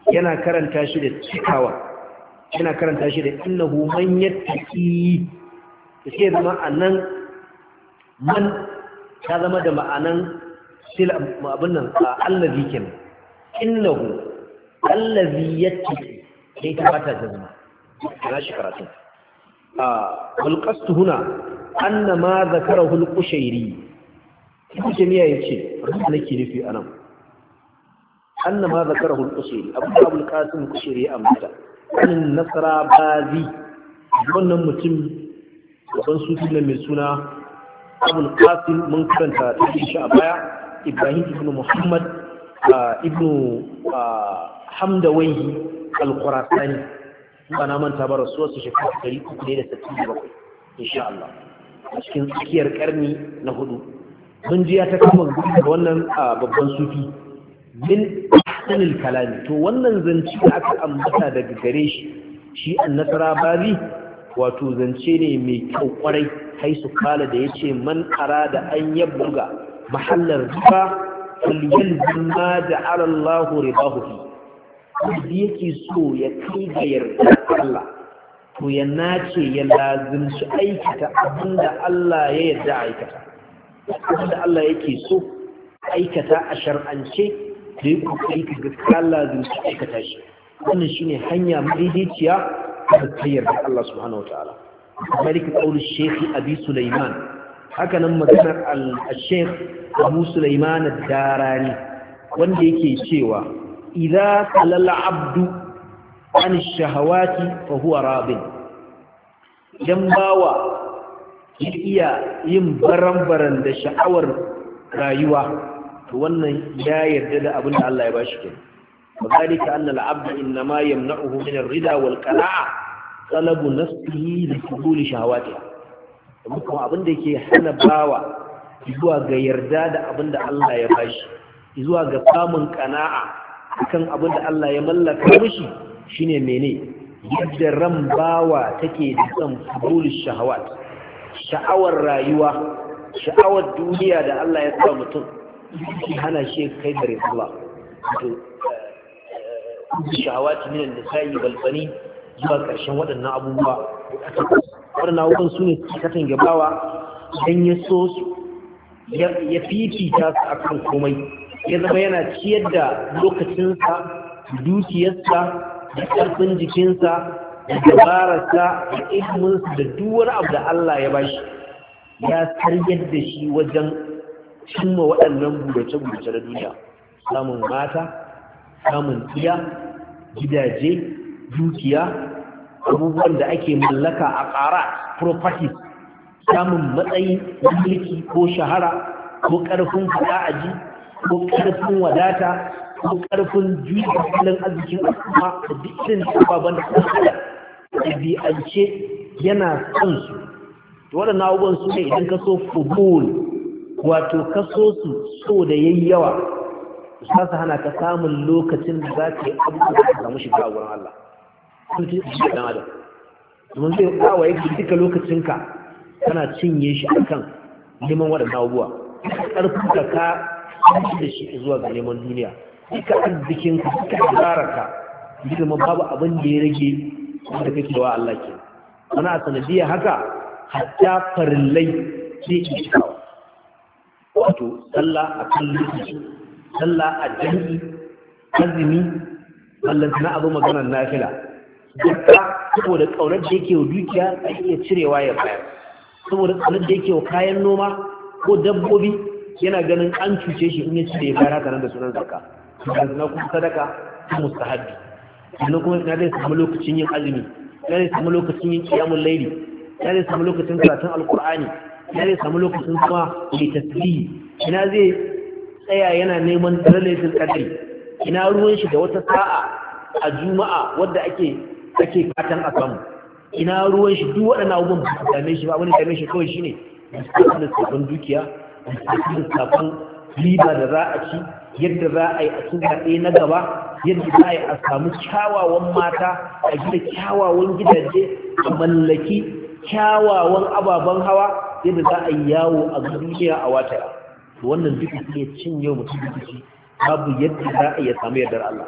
S1: yana karanta shi da cikawa yana karanta shi da innahu man yattaki sai zama ma'anan man ta zama da ma'anan sila abin nan allazi kin innahu allazi yattaki sai ta bata zama kana shi karatu a wal qasd huna annama zakarahu al-qushairi kuma jami'a yace rubuta nake nufi anan anna ma zakarahu al-qusayri abu abu al-qasim amsa an nasra bazi wannan mutum gaban sufi ne mai suna abu qasim mun karanta shi a baya ibrahim ibn muhammad ibn hamdawayi al-qurasani ana manta ba rasuwarsa shekara 367 insha Allah a cikin tsakiyar karni na hudu mun ji ya ta kama wannan babban sufi min ahsanil kalami to wannan zance da aka ambata daga gare shi shi annasara bari wato zance ne mai kyau kwarai haisu kala da yace man arada an buga. mahallar riba falyalzim ma da Allahu ribahu fi wanda yake so ya kai ga yarda Allah to ya nace ya lazimci aikata da Allah ya yarda aikata da Allah yake so aikata a shar'ance da yi kokari ka gaskiya lazim ka aikata shi wannan shine hanya madaidaiciya da tsayar da Allah subhanahu ta'ala. malik qaul shaykh abi sulaiman haka nan maganar al-shaykh abu sulaiman darani wanda yake cewa idza qalal abdu an shahawati fa huwa rabin idan bawa ya iya yin baran-baran da sha'awar rayuwa to wannan ya yarda da abin da Allah ya bashi ke وذلك أن العبد إنما يمنعه من الرضا والقناعة طلب نفسه لقبول شهواته kuma abin da ke hana bawa zuwa ga yarda da abin da Allah ya bashi zuwa ga samun ƙana'a akan abin da Allah ya mallaka mishi shine mene yadda ran bawa take da san kabul shahawat sha'awar rayuwa sha'awar duniya da Allah ya sa mutum yake hana shi kai bare Allah to eh, eh, shahawati min an-nisa'i wal bani zuwa ƙarshen waɗannan abubuwa waɗannan abubuwan su ne katan gabawa dan ya ya fifita su akan komai ya zama yana ciyar da lokacinsa dukiyarsa da ƙarfin jikinsa da dabararsa da ilminsa da duk abu da Allah ya bashi ya sarjar da shi wajen cimma waɗannan burace-burace na duniya samun mata samun iya, gidaje dukiya abubuwan da ake mallaka a ƙara properties samun matsayi mulki ko shahara ko ƙarfin ji ko ƙarfin wadata ko ƙarfin juya halin arzikin al'umma da duk irin ababen da kuma da ɗabi'ance yana son su waɗannan abubuwan su ne idan ka so fubul wato kaso su so da yayi yawa za hana ka samun lokacin da za ka yi abubuwa da samu shiga a wurin Allah sun ce shi dan adam domin zai kawo yake duka lokacinka kana cinye shi akan neman waɗannan abubuwa ƙarfin ka ka da shi zuwa ga neman duniya duka arzikin ka duka tsararka girma babu abin da ya rage da kake wa Allah ke wani a sanadiyar haka hatta farillai sai ke kawo wato sallah a kan lokaci sallah a jami'i azumi na abu maganar nafila dukka saboda ƙaunar da yake wa dukiya a iya cirewa ya bayar saboda ƙaunar da yake wa kayan noma ko dabbobi yana ganin an cuce shi in ya cire ya bayar haka da sunan zakka ballantana kuma sadaka ta Mustahabi, sannan kuma na zai samu lokacin yin azumi na zai samu lokacin yin kiyamun laili na zai samu lokacin karatun alkur'ani ya zai samu lokacin kuma mai tasbihi ina zai tsaya yana neman lailatul kadari ina ruwan shi da wata sa'a a juma'a wadda ake ake fatan a samu ina ruwan shi duk waɗannan abubuwan ba su dame shi ba wani dame shi kawai shine da sabon dukiya da sabon riba da za ci yadda za a yi a cin zaɓe na gaba yadda za a yi a samu kyawawan mata a gida kyawawan gidaje a mallaki kyawawan ababen hawa yadda za a yi yawo a duniya a wata wannan duk ne cin yau mutum jiki babu yadda za a iya samu yardar Allah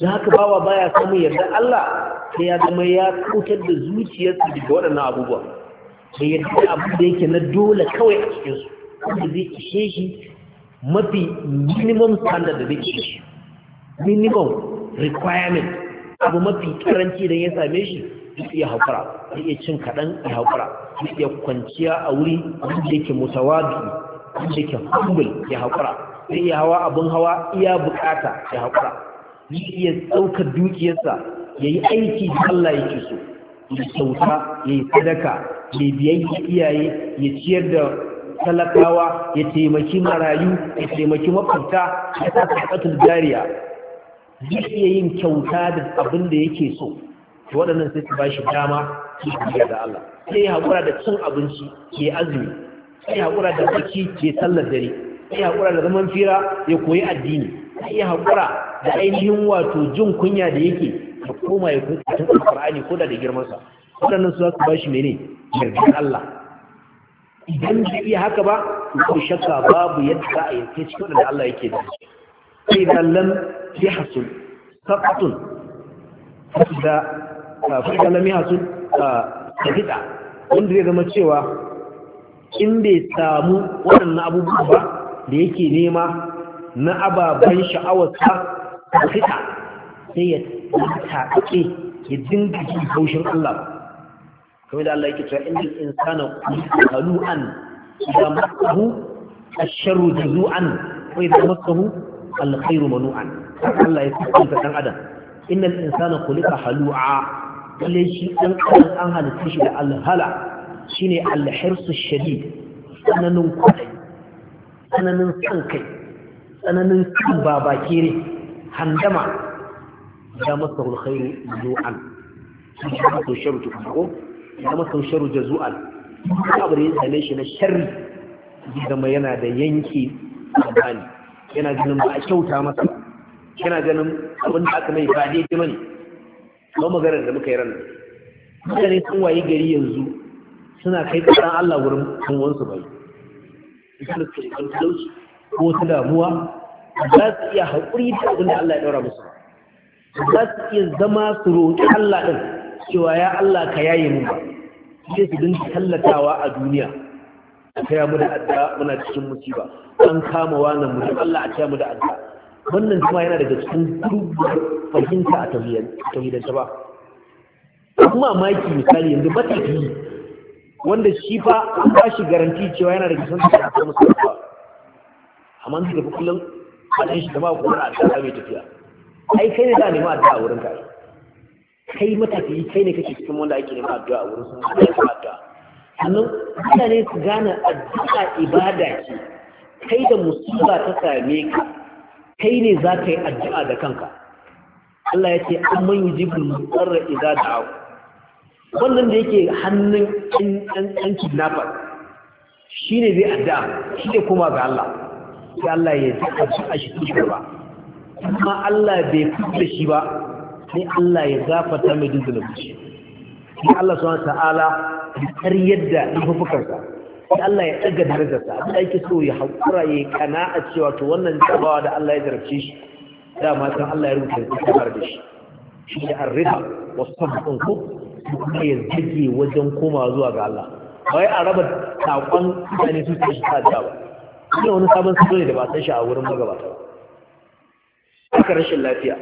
S1: da haka bawa baya samun yardar Allah sai ya zama ya kautar da zuciyarsa daga waɗannan abubuwa sai ya da abu da yake na dole kawai a cikinsu wanda zai ishe shi mafi minimum standard da zai ishe shi minimum requirement abu mafi karanci da ya same shi zai iya haƙura zai iya cin kaɗan ya haƙura zai iya kwanciya a wuri wanda yake mutawadi wanda yake humble ya haƙura zai iya hawa abin hawa iya bukata ya haƙura zai iya ɗaukar dukiyarsa ya yi aiki da Allah yake so ya kyauta ya yi sadaka ya biyayya iyaye ya ciyar da talakawa ya taimaki marayu ya taimaki makwabta ya sa jariya zai iya yin kyauta da abin da yake so to waɗannan sai su bashi dama su yi da Allah sai ya haƙura da cin abinci ke azumi sai ya haƙura da baki ke sallar dare sai ya haƙura da zaman fira ya koyi addini sai ya haƙura da ainihin wato jin kunya da yake ya koma ya koyi cikin alƙur'ani ko da da sa waɗannan su za su bashi mene yarda Allah idan bai iya haka ba ko shakka babu yadda za a Sai cikin da Allah yake da shi sai da lam yahsul saqatun da farka na miya su fita. wanda zai zama cewa in bai samu waɗannan abubuwa ba da yake nema na ababen sha'awarsa fita. sai ya taɗaɗe ya dinga jin haushin Allah ba kamar da Allah yake cewa inda insana kalu'an idan masahu asharu jazu'an wa idan masahu alkhairu manu'an Allah ya kuskanta ɗan adam innal insana khuliqa halu'a lalle shi ɗan ƙasan an halitta shi da alhala shi shine alhirsu shadid tsananin kwadai tsananin san kai tsananin kan babake ne handama ya masa hulkhairu zu'an sun shi masa sharu tukunko ya masa sharu jazu'an kuma abu da ya same shi na sharri zai zama yana da yanke amfani yana ganin ba a kyauta masa yana ganin abin da aka mai ba daidai mani ba maganar da muka yi ranar mutane sun waye gari yanzu suna kai karan Allah wurin kanwansu bai misali su kan talauci ko wata damuwa za su iya haƙuri da abin da Allah ya ɗaura musu za su iya zama su roƙi Allah ɗin cewa ya Allah ka yaye mu ba sai su dinka tallatawa a duniya a kaya mu da adda muna cikin musiba an kama wannan mutum Allah a kaya mu da adda wannan kuma yana daga cikin dubbar fahimta a tauhidanta ba kuma maki misali yanzu matafi wanda shi fa a ba shi garanti cewa yana daga cikin da aka musu ba amma zai tafi kullum a shi da ma kuma na tsara mai tafiya ai kai ne za a nema addu'a a wurin ka kai matafi kai ne kake cikin wanda ake nema addu'a a wurin sun da ya addu'a sannan mutane su gane addu'a ibada ce kai da musiba ta same ka kai ne za ka yi addu'a da kanka Allah ya ce an man yi jibin mutsarra iza da aku wannan da yake hannun ɗan kidnapper shi ne zai addu'a shi ne kuma ga Allah Ya Allah ya ji addu'a shi tushe ba kuma Allah bai da shi ba sai Allah ya zafata mai dubu zulubi shi Allah subhanahu ta'ala ya karyar da nufufukarsa sai Allah ya ɗaga darajarsa abin da ake so ya haƙura ya kana a cewa to wannan jarabawa da Allah ya jarabce shi dama san Allah ya rubuta ya kamar da shi shi ne arriba wasu sabbin ku kuma ya zage wajen komawa zuwa ga Allah bai a raba saƙon mutane su ta shi ta da ba kuma wani sabon salo ne da ba san shi a wurin magabata ba haka rashin lafiya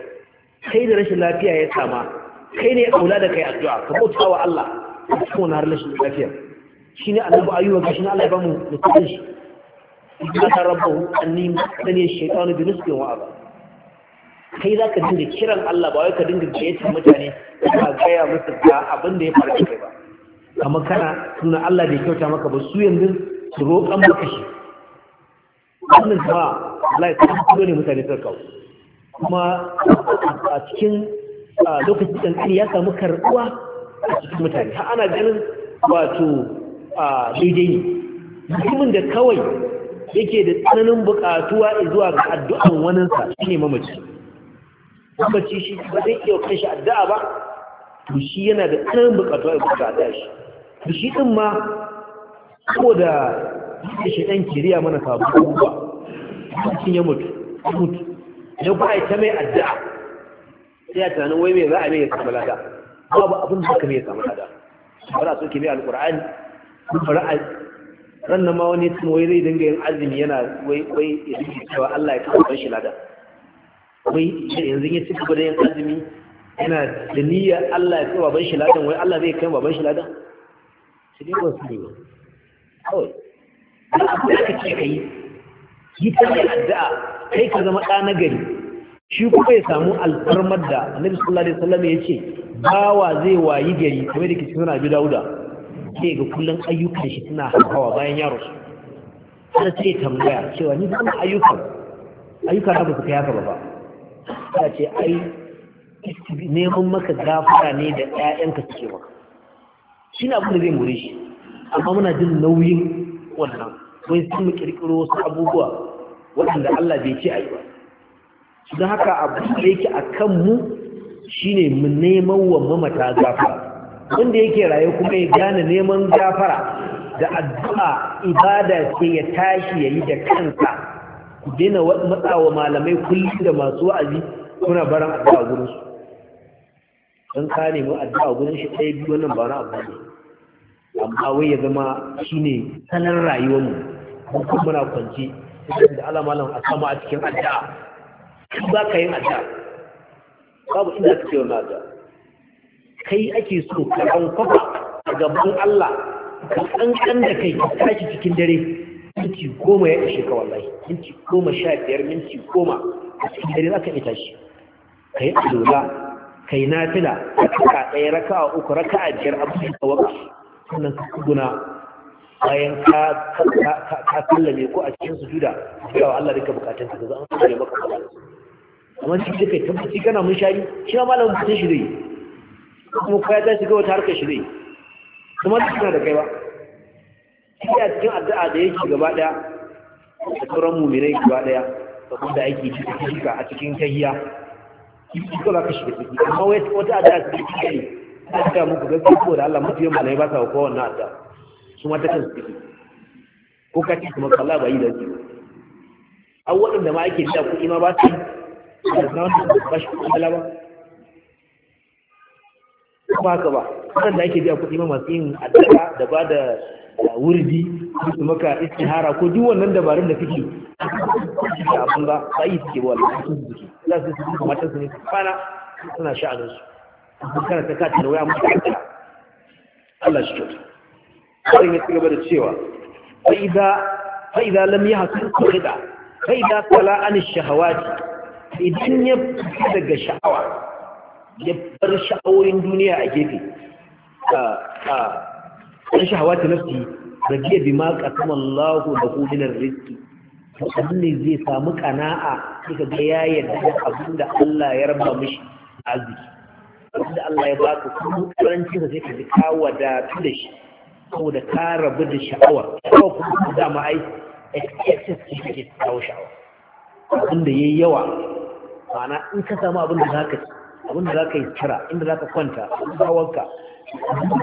S1: kai da rashin lafiya ya sama kai ne ya kaula da kai addu'a ka bauta wa Allah a cikin wani har rashin lafiya shine ne ayyuba gashi na shi na bamu da kudin shi idan ka rabu anni masani shekaru da nufin wa ba kai za ka dinga kiran Allah ba wai ka dinga gayyatar mutane ka gaya musu ga abin da ya faru da kai ba kamar kana suna Allah da ya kyauta maka ba su yanzu su roƙon maka shi wannan jama'a Allah ya kawo ne mutane suka kawo kuma a cikin lokacin kankani ya samu karɓuwa a cikin mutane ta ana ganin wato daidai ne mutumin da kawai yake da tsananin bukatuwa zuwa ga addu'an waninsa shi ne mamaci mamaci shi ba zai iya kashi addu'a ba to shi yana da tsananin bukatuwa ya kuka addu'a shi to shi ɗin ma saboda yake shi ɗan kiriya mana sabu abubuwa mutum ya mutu ya mutu ya ba ta mai addu'a sai ya tunanin wai mai za a mai ya samu lada babu abin da suka mai ya samu lada ba za su ke mai alƙur'ani kun ma wani sun wai zai dinga yin azumi yana wai wai ya dinga cewa Allah ya kafa shi lada wai yanzu ya cika gudun yin azumi yana da niyyar Allah ya kawo baban shi ladan wai Allah zai kai baban shi ladan shi ne wasu ne ba kawai da abu da kake kai yi ta mai addu'a kai ka zama ɗa na gari shi kuma ya samu alfarmar da annabi sallallahu alaihi wasallam ya ce bawa zai wayi gari kamar da ke cikin abi dauda sai ga kullum ayyukan shi suna hawa bayan yaro sai sai tambaya cewa ni san ayyukan ayyuka da kuka su ba ba ba ce ai neman maka gafara ne da ƴaƴanka suke maka shi na abin da zai more shi amma muna jin nauyin wannan wai sun mu kirkiro wasu abubuwa waɗanda Allah bai ce a yi ba don haka abu da yake a kanmu shine mu neman wa mamata gafara wanda yake raye kuma ya gane neman gafara da addu'a ibada ce ya tashi ya yi da kansa ku daina matsawa malamai kullum da masu wa'azi kuna baran addu'a gurinsu don ka nemi addu'a gurin shi ɗaya biyu wannan ba na abu ne amma wai ya zama shine sanar rayuwarmu mu kuma muna kwance sai da Allah malam a sama a cikin addu'a ba ka yin addu'a babu inda kake wannan addu'a kai ake so ka ɗan kwafa a gaban Allah ka kankan da kai ka tashi cikin dare minti goma ya ishe ka wallahi minti goma sha biyar minti goma a cikin dare za ka ita shi.
S2: ka yi alola
S1: ka yi nafila ka ɗaya raka a uku raka a biyar abu da waka sannan ka tsuguna bayan ka kallame ko a cikin sujuda ka Allah duka bukatun ka zan an kare maka kamar amma shi kai tabbaci kana mun shari shi ma malamin mutum shi zai yi kuma kwaya ta shiga wata harkar shirye kuma da suna da kai ba shi a cikin addu'a da yake gaba daya da sauran mumirai gaba daya da kuma da ake cikin shika a cikin kahiya iko ko ka shiga ciki amma wata addu'a su ciki ne ta ga muku gaske ko da Allah mutum malai ba sa ko wannan addu'a su ma ta kansu ciki ko ka ci kuma Allah ba yi da su an waɗanda ma ake da kuɗi ma ba su yi da na wannan ba shi kuɗi ba ba haka ba waɗanda ake biya kuɗi ma masu yin addu'a da ba da wurdi su maka istihara ko duk wannan dabarun da kike da abin ba sai suke ba wallahi su suke za su su kuma ta su ne kana suna sha'anin su kana ta kace da waya mu Allah shi kyauta sai ya cigaba da cewa fa idza fa idza lam yahsul qida fa idza tala an ash-shahawati idan ya daga sha'awa ya bar sha'awoyin duniya a gefe a shahawa ta nafsi rajiya bi ma qasama Allah da min ar-rizqi sannan ne zai samu kana'a kika ga ya yarda da abinda Allah ya raba mishi arziki abinda Allah ya baka kuma karanci sa sai ka ji ka wadatu da shi saboda ka rabu da sha'awa sha'awa kuma dama ai excess ce take kawo sha'awa ya yi yawa ma'ana in ka samu abin za zaka ci abin da za ka yi tara inda za ka kwanta hawanka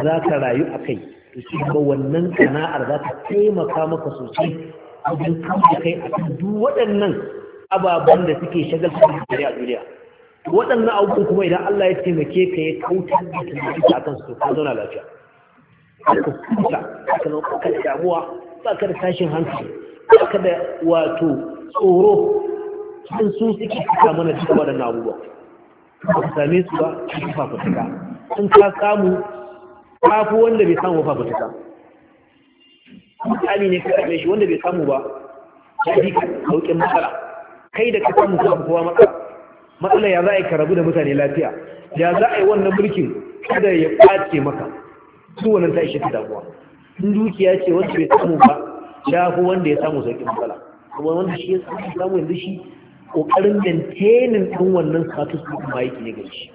S1: za ka rayu a kai to shi ga wannan sana'ar za ta taimaka maka sosai wajen kamta kai a kan duk waɗannan ababen da suke shagaltar da a duniya waɗannan abubuwan kuma idan Allah ya taimake ka ya kautar da tunanin a su ka zauna lafiya ka kuta ka zama ka damuwa ba ka da tashin hankali ba ka da wato tsoro sun su suke suka mana duk waɗannan abubuwa ba ka same su ba cikin fafutuka in ka samu kafu wanda bai samu fafutuka misali ne ka same shi wanda bai samu ba ya ji sauƙin matsala kai da ka samu kuma kowa matsala matsala ya za a yi ka rabu da mutane lafiya ya za a yi wannan mulkin kada ya ɓace maka su wannan ta ishe ta damuwa in dukiya ce wanda bai samu ba ya fi wanda ya samu sauƙin matsala kuma wanda shi ya samu yanzu shi ƙoƙarin maintainin ɗin wannan status ɗin kuma yake ne gaishe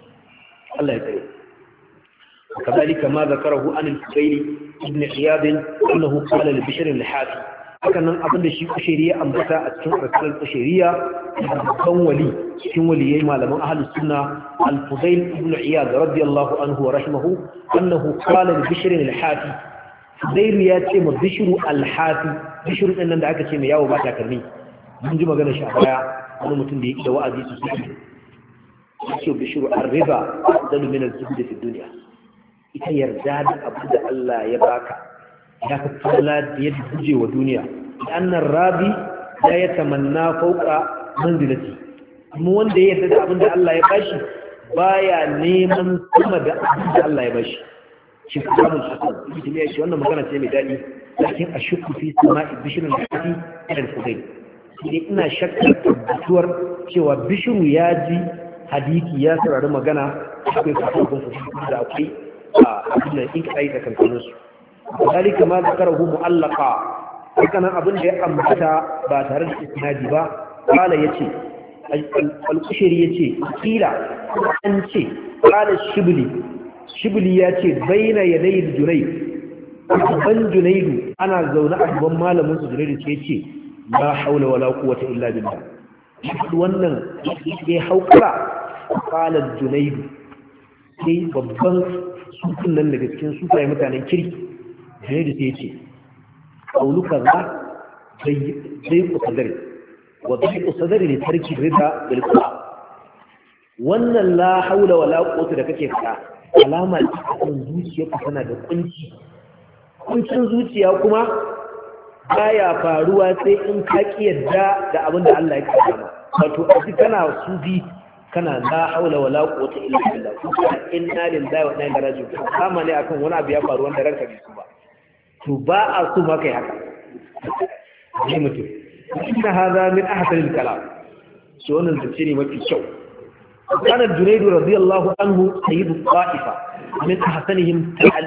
S1: Allah ya tsaye وكذلك ما ذكره عن الفقيل ابن عياد أنه قال لبشر الحافي haka nan abin da shi kushiriya ambata a cikin rasalar kushiriya babban wali cikin waliyai malaman ahlus suna al-fudail ibn iyad radiyallahu anhu wa rahimahu annahu qala li bishr al ya ce ma bishr al-hafi bishr din nan da aka ce mai yawo ba takalmi mun ji magana shi a baya wani mutum da ya da wa'azi su suke ya ce bishiru an riba zalu min az-zuhd fi duniya. ita yarda da abu da Allah ya baka ya fi falla da ya guje wa duniya annan rabi ya la yatamanna fawqa manzilati kuma wanda ya yarda da abin da Allah ya bashi baya neman sama da abin da Allah ya bashi shi kamun hasan ibn tamiya shi wannan magana ce mai dadi lakin ashukku fi sama'i bishrin da irin su zai. ne ina shakkar tabbatuwar cewa bishiru ya ji hadisi ya saurari magana akwai kafofin su da akwai a abin da in kaɗai da kankanin su misali kama da karahu mu'allaka hakanan abin da ya ambata ba tare da isnadi ba kala ya ce alƙushiri ya ce kila an ce kala shibli shibli ya ce baina yadayin Jirai. ban junaidu ana zaune a gaban malamin su junaidu ce ce la haula wala quwwata illa billah shi wannan sai haukara qala junayd sai babban sufin nan daga cikin sufaye mutanen kirki junayd sai ya ce qauluka za zai ku sadari wa zai ku sadari ne tarki rida bil wannan la haula wala quwwata da kake fada alama ce kan zuciyarka tana da kunci kuncin zuciya kuma baya faruwa sai in ka kiyarda da abin da Allah ya ba. wato a ji kana sufi kana la haula wala quwwata illa billah kuma inna lillahi wa inna ilaihi raji'un kama ne akan wani abu ya faru wanda ranka bai so ba to ba a so ma kai haka ji mutum inna hadha min ahsanil kalam so wannan zance ne mafi kyau kana junaidu radiyallahu anhu sayyidu qa'ifa min ahsanihim ta'al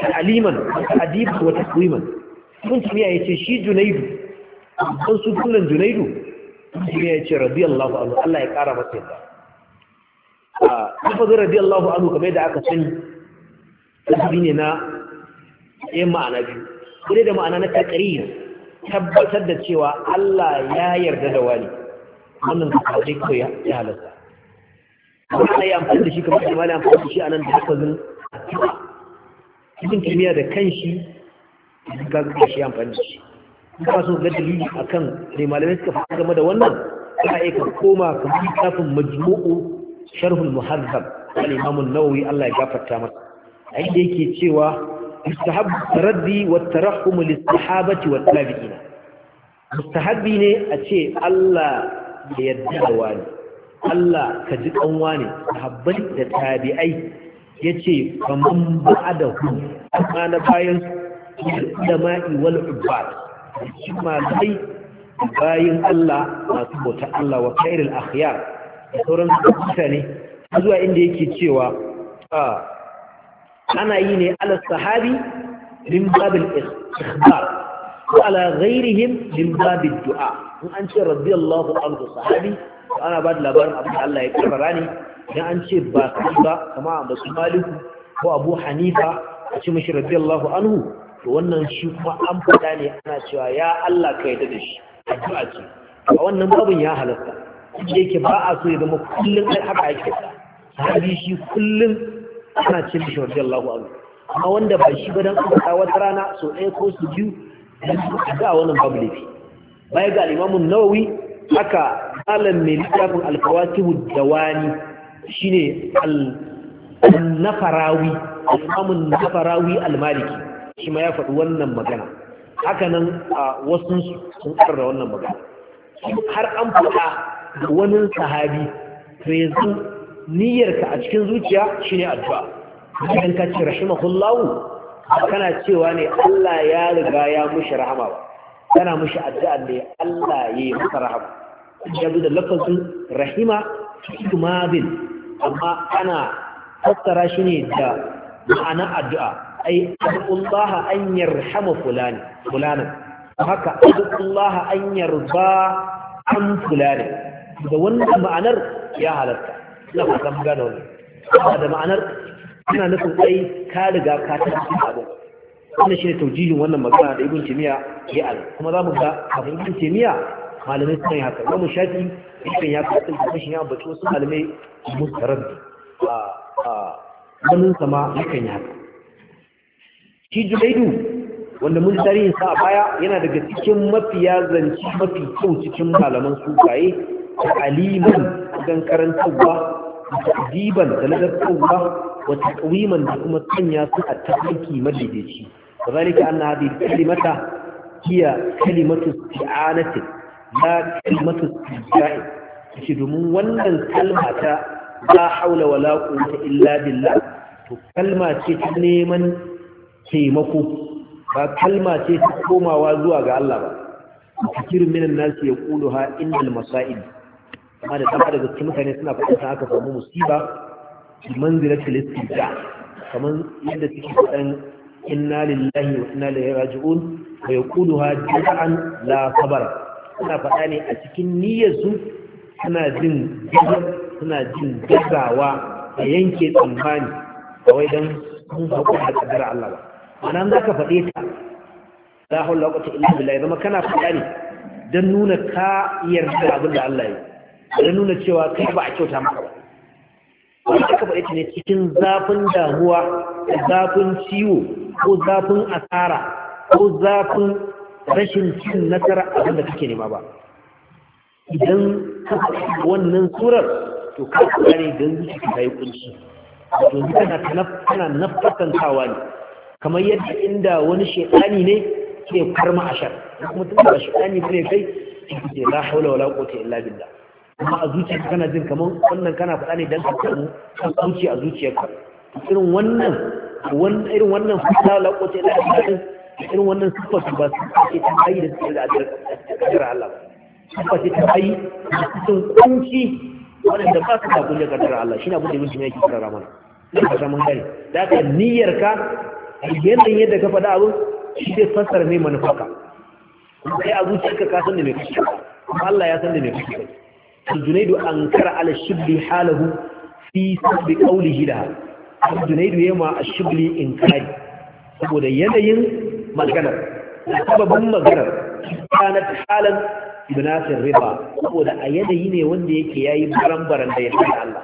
S1: ta'aliman ta'adib wa taqwiman ibn ya yace shi junaidu dan su kullun junaidu ce yace radiyallahu anhu Allah ya kara masa yadda a tafi radiyallahu anhu kamar da aka sani tafi ne na yin ma'ana biyu kuma da ma'ana na takrir tabbatar da cewa Allah ya yarda da wani wannan ka kai ko ya halatta amma ya amfani da shi kamar da malai amfani da shi a nan da haka zin ibn tabiya da kanshi idan ka ga shi amfani da so ga dalili akan ne malamai suka fi game da wannan ka aika koma ka yi kafin majmu'u sharhul muhazzab al imam an-nawawi Allah ya gafarta masa ai da yake cewa mustahab taraddi wa tarahum lis sahabati wa tabi'in mustahabi ne a ce Allah ya yarda da wani Allah ka ji kanwa ne sahabbai da tabi'ai yace faman ba'adahu amma na bayan ulama'i wal ubbad shi malamai bayin Allah masu bauta Allah wa khairul akhyar da sauran mutane zuwa inda yake cewa ana yi ne ala sahabi min babil ikhbar ko ala ghairihim min babil du'a in an ce radiyallahu anhu sahabi to ana ba da labarin abin da Allah ya karbara ne dan an ce ba su ba kama Abu Malik ko Abu Hanifa a ce mashi radiyallahu anhu to wannan shi kuma an faɗa ne ana cewa ya Allah ka yarda da shi addu'a ce a wannan babin ya halatta yake ba a so ya zama kullum ai haka yake sahabi shi kullum ana cin shi radiyallahu anhu amma wanda ba shi ba dan ta wata rana so ɗaya ko su biyu da wannan babu laifi baya ga al-Imam nawawi haka malam mai littafin al-Fawatihu Dawani shine al-Nafarawi al-Imam nafarawi al-Maliki shi ma ya faɗi wannan magana haka nan a wasu sun da wannan magana har an faɗa da wani sahabi to yanzu niyyarka a cikin zuciya shine addu'a idan ka ce rahimahullahu kana cewa ne Allah ya riga ya mushi rahama ba kana mushi addu'a ne Allah ya yi masa rahama ya da lafazin rahima kuma bin amma ana fassara shi ne da ma'anar addu'a ay adullah an yarhamu fulani fulani haka adullah an yarba an fulani da wannan ma'anar ya halarta ina fata gano ne da ma'anar ina nufin ai ka riga ka tafi abu wannan shine taujihin wannan magana da ibn timiya ya al kuma zamu ga abin ibn timiya malamai sun yi haka zamu shafi ibn ya fata da kashin ya bace wasu malamai mustarar a a wannan sama yakan yi haka shi junaidu wanda mun tarihin sa baya yana daga cikin mafiya zanci mafi kyau cikin malaman sukaye da aliman don karantarwa da adiban da ladartarwa wata ƙawiman da kuma sanya su a tafarki madaidaici da zalika an na kalimata kiya kalimatu isti'anatin la kalimatu isti'a'in shi domin wannan kalma ta la haula wala quwwata illa billah to kalma ce ta neman taimako ba kalma ce ta komawa zuwa ga Allah ba kafirin minan nasu ya kulu ha innal masa'ib amma da dama daga cikin mutane suna fatan aka samu musiba manzilat al-istija kamar yadda take fadan inna lillahi wa inna ilaihi raji'un wa ha jaz'an la sabar suna faɗa ne a cikin niyyar su suna jin suna jin gazawa a yanke tsammani kawai dan sun haƙura da kadar Allah ba ma'ana za ka faɗe ta la haula illa billahi zama kana faɗa ne don nuna ka yarda abin da Allah ya don nuna cewa kai ba a kyauta maka ba wanda aka faɗe ta ne cikin zafin damuwa da zafin ciwo ko zafin asara ko zafin rashin cin nasara abin da kake nema ba idan ka wannan surar to ka faɗa ne don zuciya ta yi kunci to kana kana nafasantawa ne kamar yadda inda wani shekani ne ke karma ashar kuma tun da shekani ne kai ke la haula wala quwwata illa billah amma a zuciya kana jin kamar wannan kana faɗa ne dan ka samu kan a zuciyarka irin wannan wannan irin wannan fata la quwwata illa billah irin wannan sifa ba su ke ta bayi da suke da adar Allah sifa ce ta bayi cikin kunci wanda ba su da kulle kadar Allah shine abin da mutum yake kira ramana da ka samu gari da ka niyyarka yanayin yadda ka faɗa abin shi zai fassara mai manufarka sai a zuciyarka ka san da mai kashe kuma Allah ya san da mai kashe Junaidu an kara ala shibli halahu fi sabbi qawlihi da Junaidu yema ashibli inkari saboda yanayin maganar da sababin maganar kana halan ibn Asir riba saboda a yanayi ne wanda yake yayi baran baran da yake Allah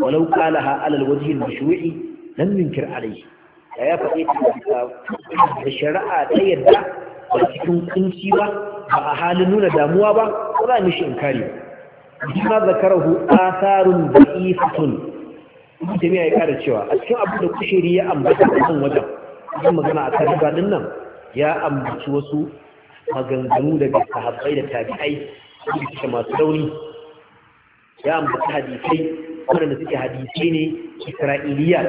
S1: walau qalaha ala alwajhi almashru'i lam yunkir alayhi da ya faɗi da shari'a ta yadda ba cikin kunci ba ba a halin nuna damuwa ba ko za a mishi inkari ma zakarahu asarun da'ifatun da ya kara cewa a cikin abin da kushiri ya ambata a kan wajen yin magana a kan riba nan ya ambaci wasu maganganu daga sahabbai da tabi'ai da suke masu rauni ya ambaci hadisai waɗanda suke hadisai ne isra'iliya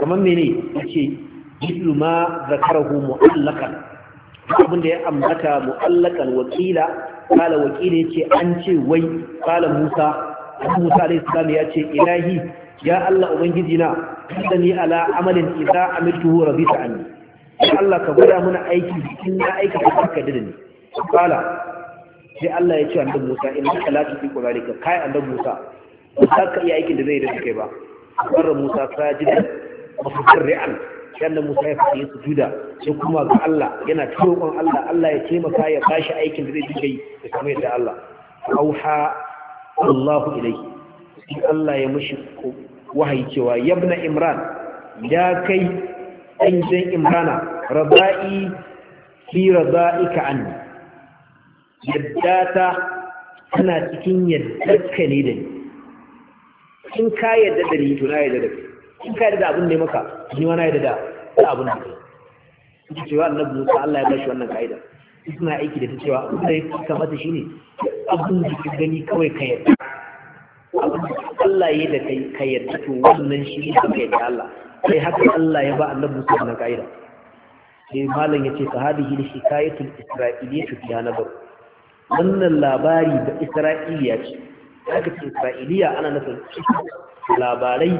S1: kamar mene yake mithlu ma zakarahu mu'allakan abin da ya ambata mu'allakan wakila kala wakila yake an ce wai kala Musa Musa alayhi salam ce ilahi ya Allah ubangiji na ni ala amalin idza amiltuhu rabita anni ya Allah ka gwada mana aiki cikin na aikata haka da ni kala sai Allah ya ce annabi Musa in ka la tuqi zalika kai annabi Musa ba ka iya aikin da zai da kai ba barra Musa sajidan mafarri'an sannan musa ya faɗi ya juda sai kuma ga Allah yana roƙon Allah Allah ya taimaka ya bashi aikin da zai dinga yi da samu yadda Allah auha Allahu ilai. sai Allah ya mishi wahayi cewa yabna imran ya kai dan gidan imrana rabai fi rabaika anni yadda ta tana cikin yadda ka ne da ni in ka yadda da ni to na yadda da kai in ka yarda abin da ya maka ni wani yarda da da abin haka su cewa annabi musa Allah ya bashi wannan ka'ida suna aiki da ta cewa abin da ya kamata shine abin da ke gani kawai ka yarda abin da Allah ya da kai ka yarda to wannan shi ne ka yarda Allah sai haka Allah ya ba annabi musa wannan ka'ida sai malam ya ce ka hadihi da shikayatul isra'iliyatu ya nabar wannan labari da isra'iliya ce aka ce isra'iliya ana nufin labarai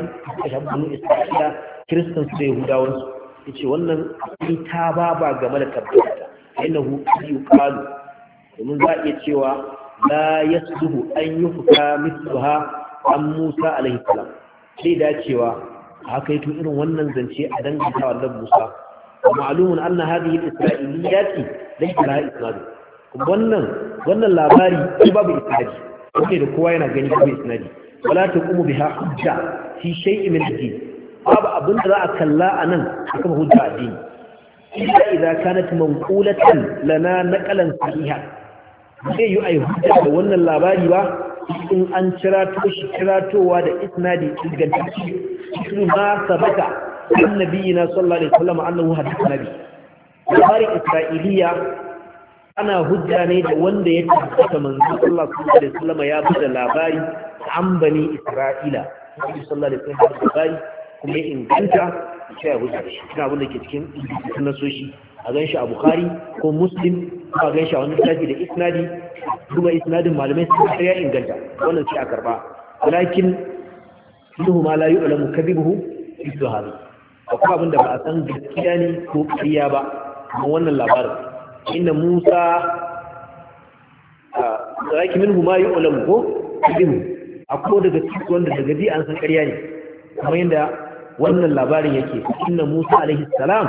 S1: kashe banu isra'ila kiristan su da yahudawan su ya ce wannan akwai ta ba ba game da tabbata yana yi yukalu domin za a iya cewa la yasduhu an yi fuka ha an musa alaihi salam sai dacewa a haka yi irin wannan zance a danganta wannan musa A ma'alumun anna hadhihi al-isra'iliyati laysa laha isnad wannan wannan labari babu isnadi ne da kowa yana gani kuma isra'ili wala taqumu biha hujja fi shay'in min ad babu abin da za a kalla a nan a akan hujja addini illa idza kanat manqulatan lana naqalan sahiha sai yi ai hujja da wannan labari ba in an cirato shi ciratowa da isnadi ingantacce shi ma sabata annabiyina sallallahu alaihi wasallam annahu hadith nabi labarin isra'iliya ana hujja ne da wanda ya tabbata manzo Allah sallallahu alaihi wasallam ya bada labari an bani Isra'ila sallallahu alaihi wasallam labari kuma ya inganta sai ya hujja shi ina abin da ke cikin sunan soshi a ganshi a Bukhari ko Muslim ko a gan a wannan tafi da isnadi kuma isnadin malamai sun sai ya inganta wannan sai a karba walakin innahu ma la yu'lamu kadhibuhu fi sahabi akwai abin da ba a san gaskiya ne ko ƙarya ba kuma wannan labarin inna musa zaki ah, minhu ma yi yu'lam ko bihu akwai daga cikin wanda daga bi an san ƙarya ne kamar yadda wannan labarin yake inna musa alaihi salam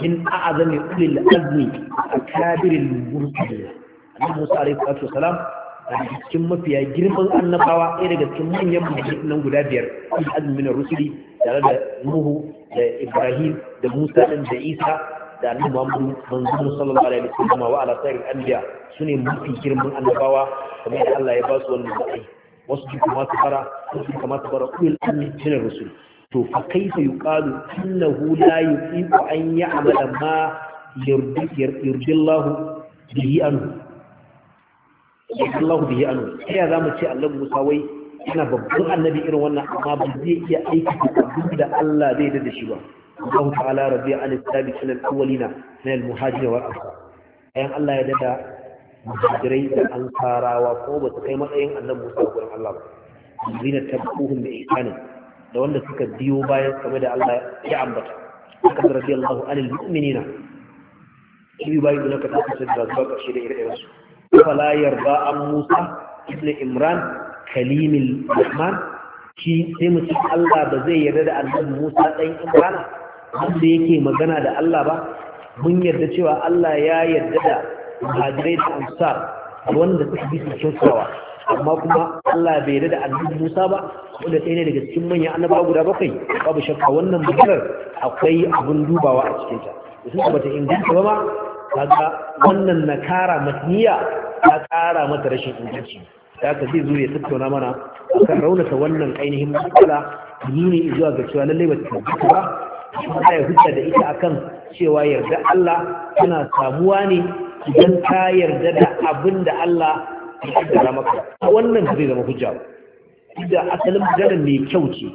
S1: min a'azami ulil azmi akabiril mursalin annabi musa alaihi salatu wasalam a cikin mafiya girman annabawa ɗaya daga cikin manyan nan guda biyar azumin rusuli tare da nuhu da ibrahim da musa da isa da annabi Muhammad manzon sallallahu alaihi wasallam wa ala sayyidil anbiya sune mafi girman annabawa kamar da Allah ya ba su wannan matsayi wasu ji kuma su fara wasu kuma su fara ulul amri cikin rasul to fa kaifa yuqalu innahu la yuqiqu an ya'mala ma yurdi yurdi Allah bihi anhu yurdi Allah bihi anhu sai za mu ce Allah Musa wai yana babban annabi irin wannan amma ba zai iya aiki da Allah zai da shi ba الله تعالى ربي عن السابقين الأولين من المهاجرين والأنصار أيام الله يدعى مهاجرين الأنصار وقوبة قيمة أيام أن موسى وقرم الله الذين تبقوهم بإحسان لو أن تلك الديوبة كما يدعى الله يعبد لقد رضي الله عن المؤمنين shi bayi da ka tafi da zuwa ƙarshe da فلا يرضى أم موسى ابن إمران كليم kalimil كي shi الله بزي يرد أن موسى أي yarda wanda yake magana da Allah ba mun yarda cewa Allah ya yarda da muhajirai da ansar wanda suka bi su kyautawa amma kuma Allah bai yarda da annabi Musa ba wanda ɗaya ne daga cikin manyan annabawa guda bakwai babu shakka wannan maganar akwai abun dubawa a cikin ta sun ba ta inganta ba ma kaga wannan nakara matniya ta kara mata rashin inganci da aka zai zo ya tattauna mana akan raunata wannan ainihin matsala nuni zuwa ga cewa lallai ba ta ba kuma ya hujja da ita akan cewa yarda Allah tana samuwa ne idan ka yarda da abin da Allah ya kaddara maka wannan zai zama hujja idan asalin maganar mai kyau ce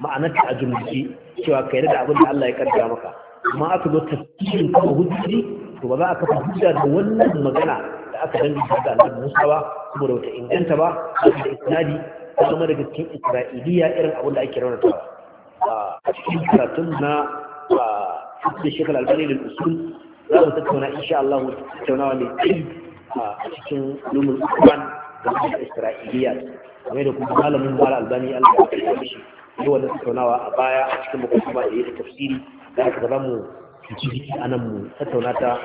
S1: ma'anar a jumlace cewa ka yarda da abin da Allah ya kaddara maka amma aka zo tafsirin kuma hujji to ba za a kafa hujja da wannan magana da aka danganta da Allah Musa ba saboda wata inganta ba da isnadi kuma daga cikin Isra'iliya irin abin da ake raunatawa a cikin karatun na a cikin shekar albani da usul za mu tattauna insha Allah tattaunawa mai kai a cikin lumul Quran da kuma Isra'iliya kamar da kuma malamin Mala Albani Allah ya kai shi yi wannan tattaunawa a baya a cikin mukaddima da yi tafsiri da aka zama mu ciki a nan mu tattauna ta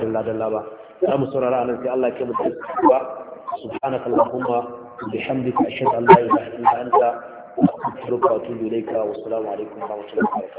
S1: dalla ba za mu saurara anan sai Allah ya kai mu da subhanaka allahumma bihamdika ashhadu an la ilaha illa anta rukatu yuraika wasu salamu alaikum wa rahmatullahi wa